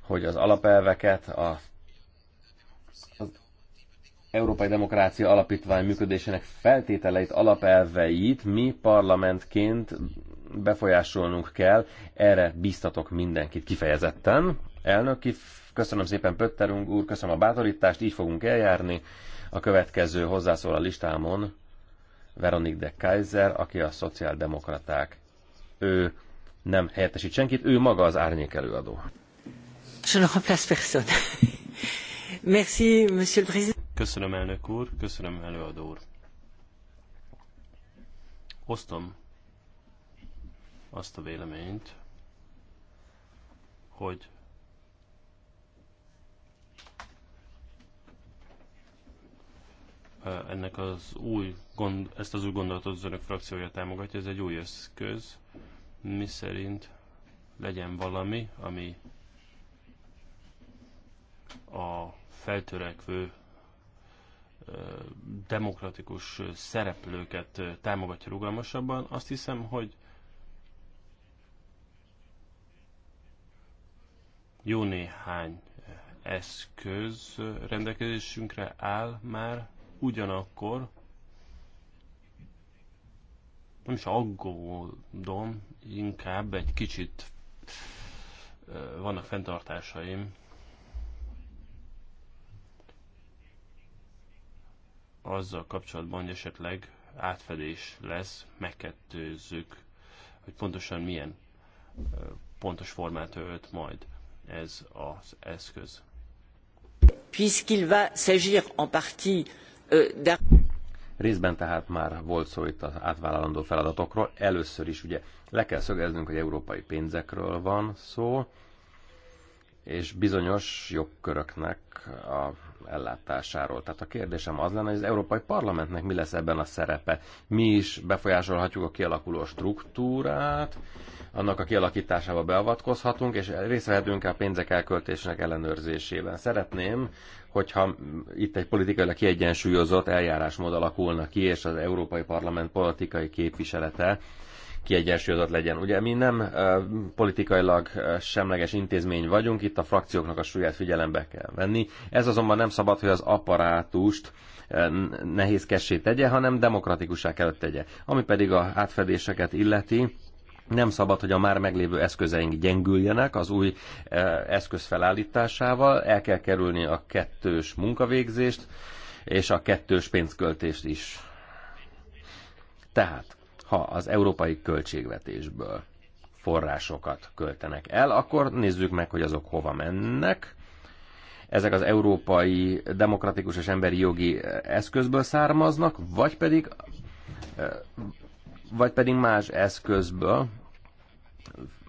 hogy az alapelveket, a, az Európai Demokrácia Alapítvány működésének feltételeit, alapelveit mi parlamentként befolyásolnunk kell. Erre biztatok mindenkit kifejezetten. Elnök, köszönöm szépen Pötterünk úr, köszönöm a bátorítást, így fogunk eljárni. A következő hozzászól a listámon Veronique de Kaiser, aki a szociáldemokraták. Ő nem helyettesít senkit, ő maga az árnyék előadó. Je ne remplace personne. Merci, monsieur le président. Köszönöm, elnök úr, köszönöm, előadó úr. Osztom azt a véleményt, hogy ennek az új gond, ezt az új gondolatot az önök frakciója támogatja, ez egy új eszköz, mi szerint legyen valami, ami a feltörekvő demokratikus szereplőket támogatja rugalmasabban, azt hiszem, hogy jó néhány eszköz rendelkezésünkre áll már, ugyanakkor nem is aggódom, inkább egy kicsit vannak fenntartásaim azzal kapcsolatban, hogy esetleg átfedés lesz, megkettőzzük, hogy pontosan milyen pontos formát ölt majd ez az eszköz. Puisqu'il va s'agir en partie euh, Részben tehát már volt szó itt az átvállalandó feladatokról. Először is ugye le kell szögeznünk, hogy európai pénzekről van szó, és bizonyos jogköröknek a ellátásáról. Tehát a kérdésem az lenne, hogy az Európai Parlamentnek mi lesz ebben a szerepe? Mi is befolyásolhatjuk a kialakuló struktúrát, annak a kialakításába beavatkozhatunk, és részt vehetünk a pénzek elköltésének ellenőrzésében. Szeretném, hogyha itt egy politikailag kiegyensúlyozott eljárásmód alakulna ki, és az Európai Parlament politikai képviselete kiegyensúlyozott legyen. Ugye mi nem politikailag semleges intézmény vagyunk, itt a frakcióknak a súlyát figyelembe kell venni. Ez azonban nem szabad, hogy az apparátust nehézkessé tegye, hanem demokratikusá kell tegye. Ami pedig a átfedéseket illeti, nem szabad, hogy a már meglévő eszközeink gyengüljenek az új eszköz felállításával, el kell kerülni a kettős munkavégzést és a kettős pénzköltést is. Tehát ha az európai költségvetésből forrásokat költenek el, akkor nézzük meg, hogy azok hova mennek. Ezek az európai demokratikus és emberi jogi eszközből származnak, vagy pedig, vagy pedig más eszközből.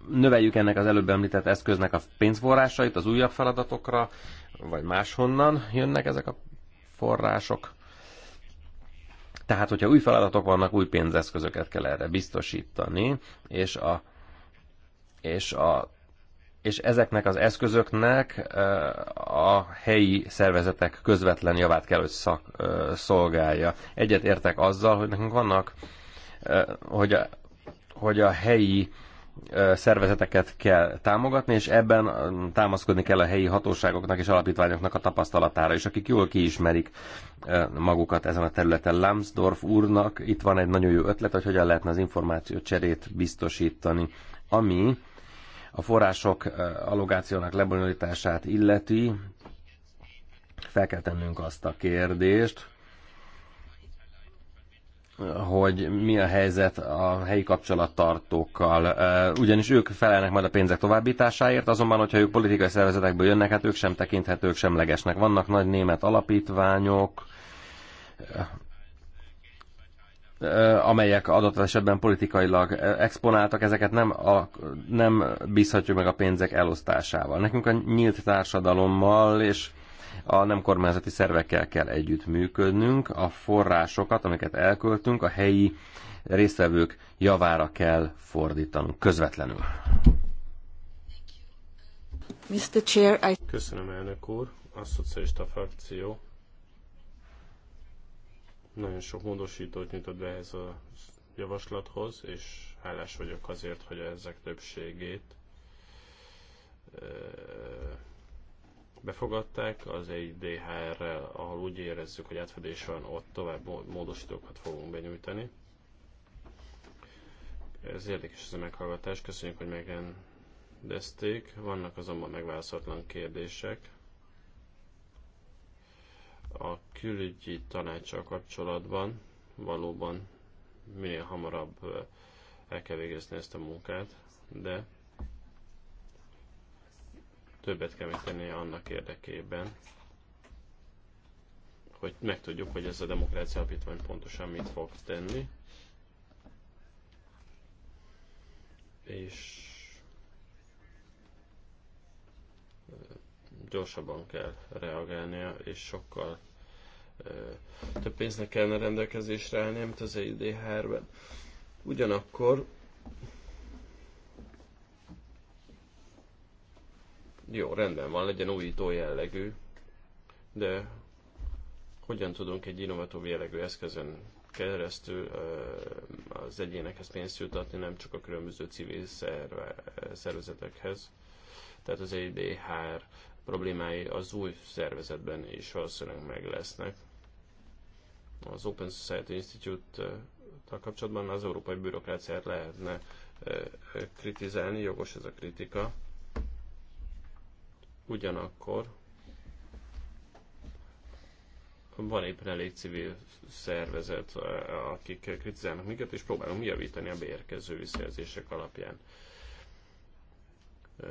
Növeljük ennek az előbb említett eszköznek a pénzforrásait az újabb feladatokra, vagy máshonnan jönnek ezek a források. Tehát, hogyha új feladatok vannak, új pénzeszközöket kell erre biztosítani, és a és a és ezeknek az eszközöknek a helyi szervezetek közvetlen javát kell, hogy szak, szolgálja. Egyet értek azzal, hogy nekünk vannak, hogy a, hogy a helyi szervezeteket kell támogatni, és ebben támaszkodni kell a helyi hatóságoknak és alapítványoknak a tapasztalatára is, akik jól kiismerik magukat ezen a területen. Lambsdorff úrnak itt van egy nagyon jó ötlet, hogy hogyan lehetne az információ cserét biztosítani, ami a források allogációnak lebonyolítását illeti, fel kell tennünk azt a kérdést, hogy mi a helyzet a helyi kapcsolattartókkal. Ugyanis ők felelnek majd a pénzek továbbításáért, azonban, hogyha ők politikai szervezetekből jönnek, hát ők sem tekinthetők semlegesnek. Vannak nagy német alapítványok, amelyek adott esetben politikailag exponáltak, ezeket nem, a, nem bízhatjuk meg a pénzek elosztásával. Nekünk a nyílt társadalommal és a nem kormányzati szervekkel kell együttműködnünk, a forrásokat, amiket elköltünk, a helyi résztvevők javára kell fordítanunk közvetlenül. Mr. Chair, I... Köszönöm, elnök úr. A szocialista frakció nagyon sok módosítót nyújtott be ehhez a javaslathoz, és hálás vagyok azért, hogy ezek többségét befogadták, az egy DHR-rel, ahol úgy érezzük, hogy átfedés van, ott tovább módosítókat fogunk benyújtani. Ez érdekes ez a meghallgatás, köszönjük, hogy megrendezték. Vannak azonban megválaszolatlan kérdések. A külügyi tanácssal kapcsolatban valóban minél hamarabb eh, el kell végezni ezt a munkát, de Többet kell tenni annak érdekében, hogy megtudjuk, hogy ez a demokrácia alapítvány pontosan mit fog tenni. És gyorsabban kell reagálnia, és sokkal több pénznek kellene rendelkezésre állni, mint az eid ben Ugyanakkor Jó, rendben van, legyen újító jellegű, de hogyan tudunk egy innovatív jellegű eszközön keresztül az egyénekhez pénzt jutatni, nem csak a különböző civil szerve, szervezetekhez. Tehát az EIDHR problémái az új szervezetben is valószínűleg meg lesznek. Az Open Society Institute-tal kapcsolatban az európai bürokráciát lehetne kritizálni, jogos ez a kritika, Ugyanakkor van éppen elég civil szervezet, eh, akik kritizálnak minket, és próbálunk javítani a beérkező visszajelzések alapján.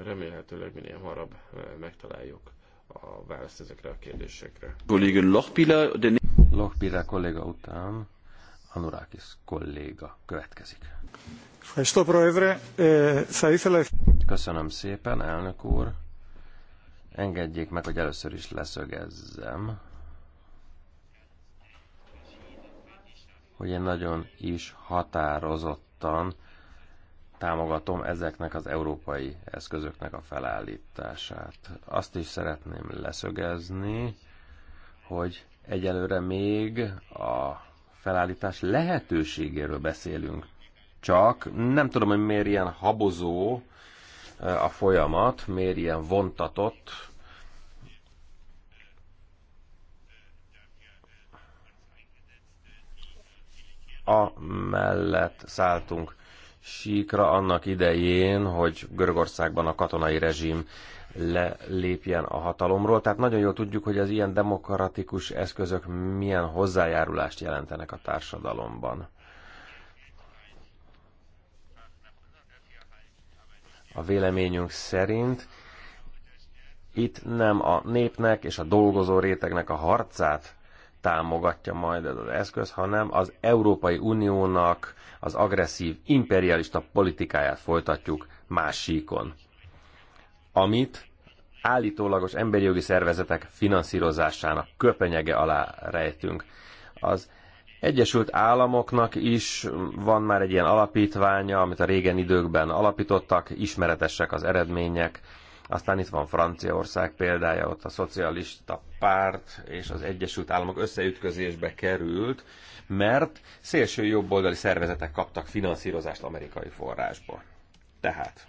Remélhetőleg minél hamarabb eh, megtaláljuk a választ ezekre a kérdésekre. Kollégön Lochpila, de... Lochpila kolléga után Anurakis kolléga következik. Köszönöm szépen, elnök úr. Engedjék meg, hogy először is leszögezzem, hogy én nagyon is határozottan támogatom ezeknek az európai eszközöknek a felállítását. Azt is szeretném leszögezni, hogy egyelőre még a felállítás lehetőségéről beszélünk. Csak nem tudom, hogy miért ilyen habozó a folyamat, miért ilyen vontatott, a mellett szálltunk síkra annak idején, hogy Görögországban a katonai rezsim lelépjen a hatalomról. Tehát nagyon jól tudjuk, hogy az ilyen demokratikus eszközök milyen hozzájárulást jelentenek a társadalomban. a véleményünk szerint itt nem a népnek és a dolgozó rétegnek a harcát támogatja majd ez az eszköz, hanem az Európai Uniónak az agresszív imperialista politikáját folytatjuk más síkon, amit állítólagos emberi jogi szervezetek finanszírozásának köpenyege alá rejtünk. Az Egyesült Államoknak is van már egy ilyen alapítványa, amit a régen időkben alapítottak, ismeretesek az eredmények. Aztán itt van Franciaország példája, ott a szocialista párt és az Egyesült Államok összeütközésbe került, mert szélső jobboldali szervezetek kaptak finanszírozást amerikai forrásból. Tehát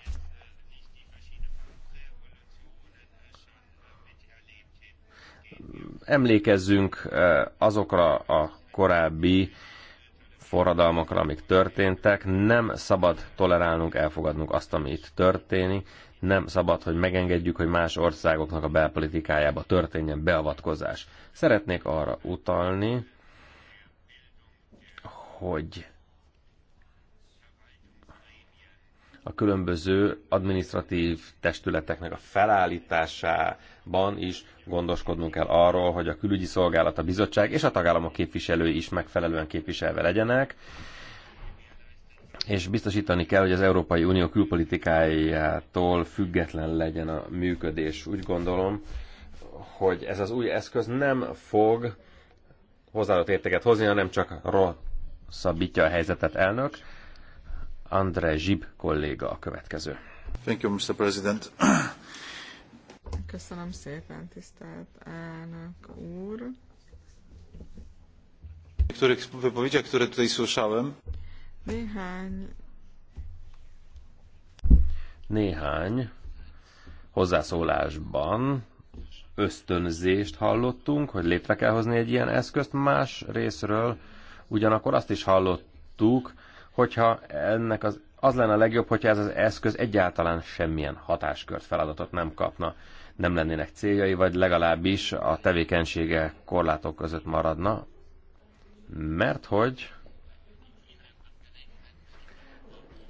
emlékezzünk eh, azokra a korábbi forradalmakra, amik történtek. Nem szabad tolerálnunk, elfogadnunk azt, ami itt történik. Nem szabad, hogy megengedjük, hogy más országoknak a belpolitikájába történjen beavatkozás. Szeretnék arra utalni, hogy a különböző administratív testületeknek a felállítására, ban is gondoskodnunk kell arról, hogy a külügyi szolgálat, a bizottság és a tagállamok képviselői is megfelelően képviselve legyenek, és biztosítani kell, hogy az Európai Unió külpolitikájától független legyen a működés. Úgy gondolom, hogy ez az új eszköz nem fog hozzáadott értéket hozni, hanem csak rosszabbítja a helyzetet elnök. André Zsib kolléga a következő. Thank you, Mr. President. Köszönöm szépen, tisztelt elnök úr. Niektórych wypowiedziach, które tutaj słyszałem. Néhány. Néhány hozzászólásban ösztönzést hallottunk, hogy létre kell hozni egy ilyen eszközt. Más részről ugyanakkor azt is hallottuk, hogyha ennek az, az lenne a legjobb, hogyha ez az eszköz egyáltalán semmilyen hatáskört feladatot nem kapna nem lennének céljai, vagy legalábbis a tevékenysége korlátok között maradna, mert hogy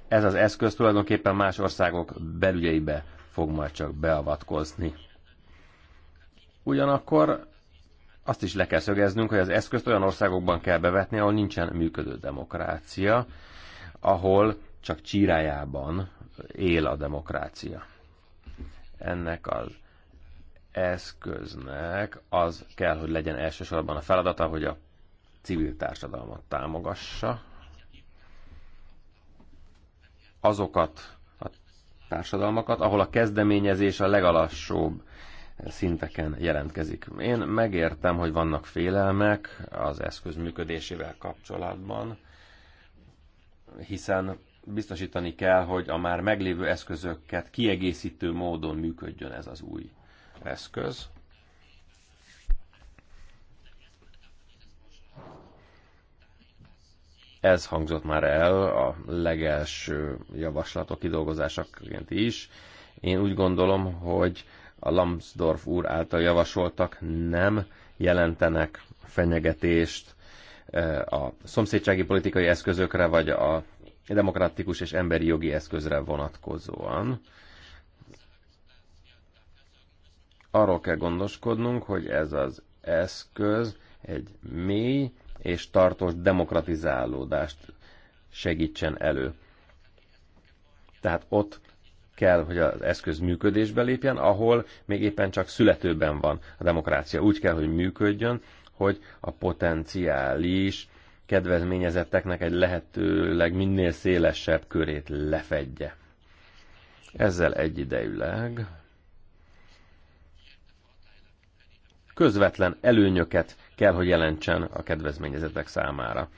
ez az eszköz tulajdonképpen más országok belügyeibe fog majd csak beavatkozni. Ugyanakkor azt is le kell szögeznünk, hogy az eszközt olyan országokban kell bevetni, ahol nincsen működő demokrácia, ahol csak csírájában él a demokrácia. Ennek az eszköznek az kell, hogy legyen elsősorban a feladata, hogy a civil társadalmat támogassa. Azokat a társadalmakat, ahol a kezdeményezés a legalassóbb szinteken jelentkezik. Én megértem, hogy vannak félelmek az eszköz működésével kapcsolatban, hiszen biztosítani kell, hogy a már meglévő eszközöket kiegészítő módon működjön ez az új eszköz. Ez hangzott már el a legelső javaslatok kidolgozásaként is. Én úgy gondolom, hogy a Lambsdorff úr által javasoltak nem jelentenek fenyegetést e, a szomszédsági politikai eszközökre, vagy a demokratikus és emberi jogi eszközre vonatkozóan. arról kell gondoskodnunk, hogy ez az eszköz egy mély és tartós demokratizálódást segítsen elő. Tehát ott kell, hogy az eszköz működésbe lépjen, ahol még éppen csak születőben van a demokrácia. Úgy kell, hogy működjön, hogy a potenciális kedvezményezetteknek egy lehetőleg minél szélesebb körét lefedje. Ezzel egyidejűleg közvetlen előnyöket kell, hogy jelentsen a kedvezményezetek számára.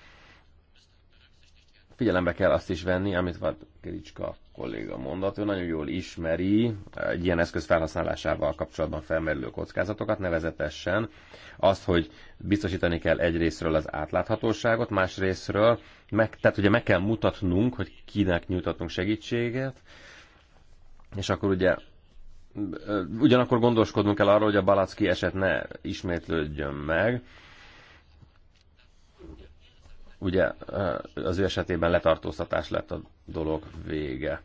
Figyelembe kell azt is venni, amit Vadkericska kolléga mondott, ő nagyon jól ismeri egy ilyen eszköz felhasználásával kapcsolatban felmerülő kockázatokat, nevezetesen azt, hogy biztosítani kell egyrésztről az átláthatóságot, másrésztről, meg, tehát ugye meg kell mutatnunk, hogy kinek nyújtatunk segítséget, és akkor ugye ugyanakkor gondoskodnunk kell arról, hogy a Balacki eset ne ismétlődjön meg. Ugye eh, az ő esetében letartóztatás lett a dolog vége.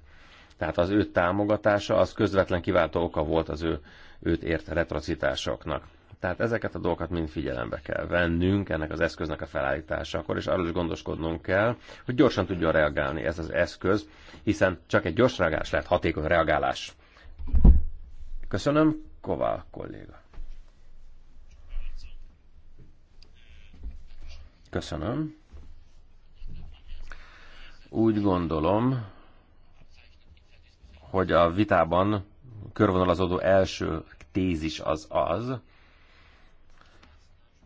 Tehát az ő támogatása az közvetlen kiváltó oka volt az ő, őt ért retrocitásoknak. Tehát ezeket a dolgokat mind figyelembe kell vennünk ennek az eszköznek a felállítása, akkor is arról is gondoskodnunk kell, hogy gyorsan tudjon reagálni ez az eszköz, hiszen csak egy gyors reagálás lehet hatékony reagálás. Köszönöm, Kovál kolléga. Köszönöm. Úgy gondolom, hogy a vitában körvonalazódó első tézis az az,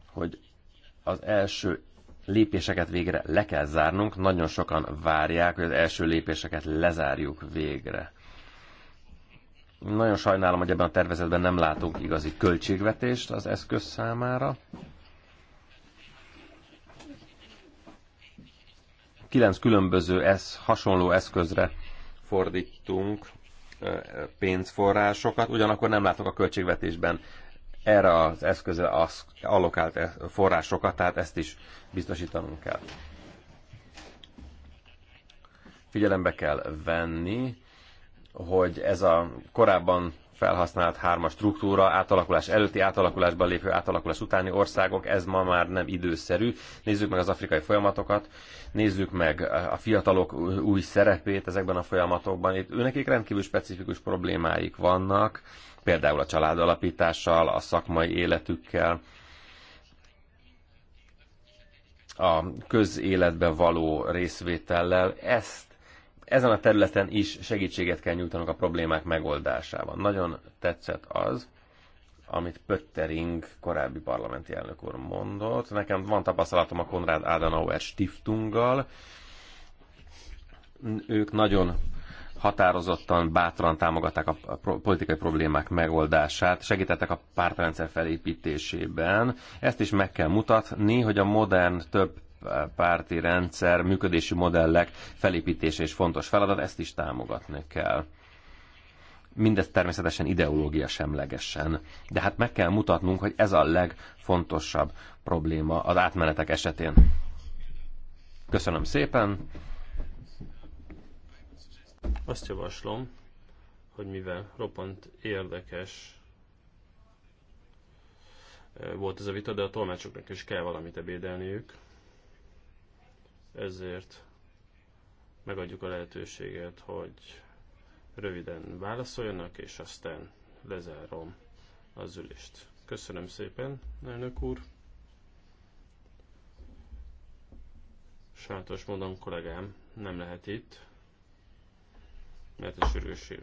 hogy az első lépéseket végre le kell zárnunk, nagyon sokan várják, hogy az első lépéseket lezárjuk végre. Nagyon sajnálom, hogy ebben a tervezetben nem látunk igazi költségvetést az eszköz számára. Kilenc különböző ez, hasonló eszközre fordítunk pénzforrásokat, ugyanakkor nem látok a költségvetésben erre az eszközre az allokált eh, forrásokat, tehát ezt is biztosítanunk kell. Figyelembe kell venni, hogy ez a korábban felhasznált hármas struktúra, átalakulás előtti, átalakulásban lépő, átalakulás utáni országok, ez ma már nem időszerű. Nézzük meg az afrikai folyamatokat, nézzük meg a fiatalok új szerepét ezekben a folyamatokban. Itt őnekik rendkívül specifikus problémáik vannak, például a családalapítással, a szakmai életükkel, a közéletbe való részvétellel. Ezt ezen a területen is segítséget kell nyújtanunk a problémák megoldásában. Nagyon tetszett az, amit Pöttering korábbi parlamenti elnök úr mondott. Nekem van tapasztalatom a Konrad Adenauer Stiftunggal. Ők nagyon határozottan, bátran támogatták a politikai problémák megoldását, segítettek a pártrendszer felépítésében. Ezt is meg kell mutatni, hogy a modern, több párti rendszer, működési modellek felépítése és fontos feladat, ezt is támogatni kell. Mindez természetesen ideológia semlegesen. De hát meg kell mutatnunk, hogy ez a legfontosabb probléma az átmenetek esetén. Köszönöm szépen. Azt javaslom, hogy mivel roppant érdekes eh, volt ez a vita, de a tolmácsoknak is kell valamit ebédelniük ezért megadjuk a lehetőséget, hogy röviden válaszoljanak, és aztán lezárom az ülést. Köszönöm szépen, elnök úr! Sajnos módon kollégám nem lehet itt, mert a sürgősi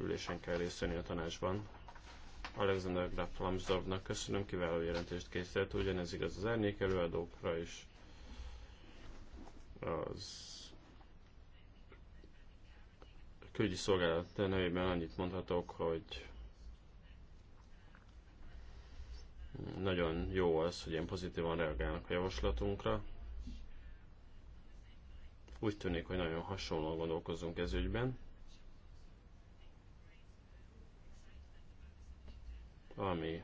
ülésen kell részt a tanácsban. Alexander Graf Lambsdorffnak köszönöm, kiváló jelentést készített, ugyanez igaz az árnyék előadókra is az külügyi szolgálat nevében annyit mondhatok, hogy nagyon jó az, hogy ilyen pozitívan reagálnak a javaslatunkra. Úgy tűnik, hogy nagyon hasonlóan gondolkozunk ez ügyben. Ami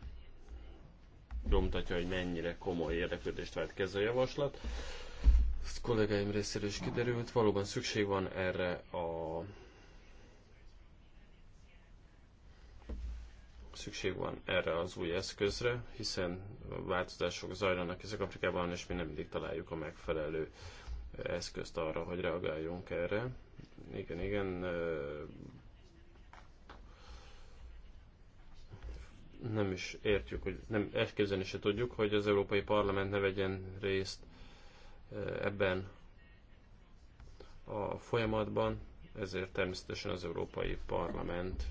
jó mutatja, hogy mennyire komoly érdeklődést vált ez a javaslat kollégáim részéről is kiderült, valóban szükség van erre a szükség van erre az új eszközre, hiszen változások zajlanak ezek Afrikában, és mi nem mindig találjuk a megfelelő eszközt arra, hogy reagáljunk erre. Igen, igen, nem is értjük, hogy nem elképzelni se tudjuk, hogy az Európai Parlament ne vegyen részt ebben a folyamatban, ezért természetesen az Európai Parlament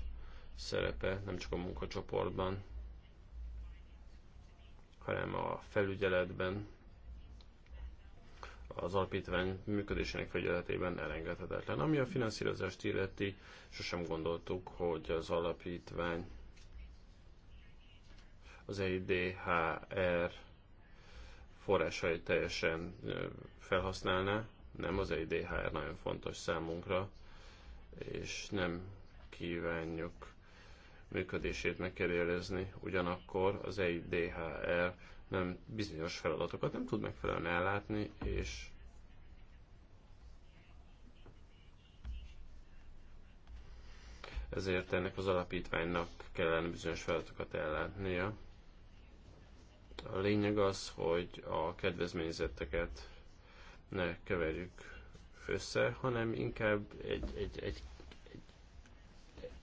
szerepe nem csak a munkacsoportban, hanem a felügyeletben, az alapítvány működésének felügyeletében elengedhetetlen. Ami a finanszírozást illeti, sosem gondoltuk, hogy az alapítvány az EIDHR forrásait teljesen felhasználná. Nem az EIDHR nagyon fontos számunkra, és nem kívánjuk működését megkérdőjelezni. Ugyanakkor az EIDHR nem bizonyos feladatokat nem tud megfelelően ellátni, és ezért ennek az alapítványnak kellene bizonyos feladatokat ellátnia. A lényeg az, hogy a kedvezményezetteket ne keverjük össze, hanem inkább egy, egy, egy, egy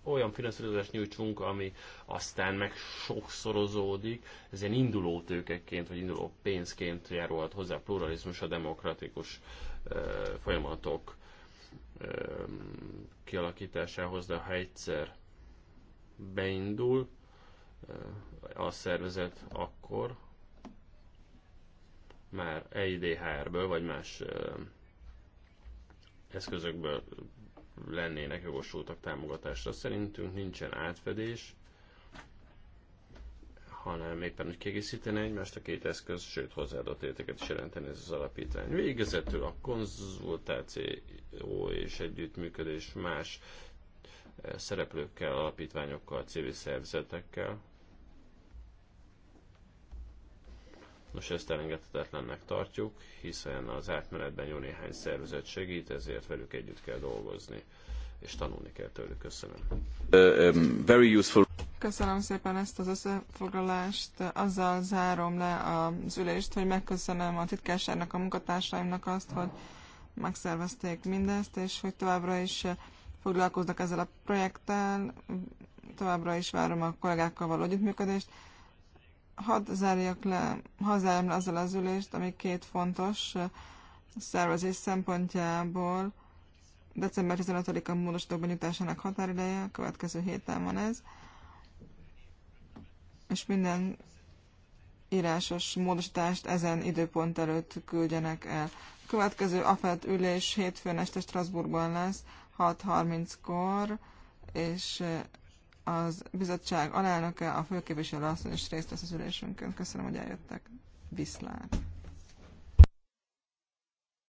olyan finanszírozást nyújtsunk, ami aztán meg sokszorozódik, ez ilyen induló tőkeként, vagy induló pénzként járulhat hozzá a pluralizmus, a demokratikus ö, folyamatok ö, kialakításához, de ha egyszer beindul ö, a szervezet, akkor már EIDHR-ből vagy más eszközökből lennének jogosultak támogatásra. Szerintünk nincsen átfedés, hanem éppen, úgy kiegészíteni egymást a két eszköz, sőt hozzáadott értéket is jelenteni ez az alapítvány. Végezetül a konzultáció és együttműködés más szereplőkkel, alapítványokkal, civil szervezetekkel, Most ezt elengedhetetlennek tartjuk, hiszen az átmenetben jó néhány szervezet segít, ezért velük együtt kell dolgozni, és tanulni kell tőlük. Köszönöm. Uh, um, very useful. Köszönöm szépen ezt az összefoglalást. Azzal zárom le az ülést, hogy megköszönöm a titkárságnak, a munkatársaimnak azt, hogy megszervezték mindezt, és hogy továbbra is foglalkoznak ezzel a projekttel, továbbra is várom a kollégákkal való együttműködést hadd zárjak le, hazárjam le azzal az ülést, ami két fontos eh, szervezés szempontjából. December 15-a módosítók benyújtásának határideje, a következő héten van ez. És minden írásos módosítást ezen időpont előtt küldjenek el. A következő AFET ülés hétfőn este Strasbourgban lesz, 6.30-kor, és eh, az bizottság alelnöke, a főképviselő asszony is részt vesz az ülésünkön. Köszönöm, hogy eljöttek. Viszlát!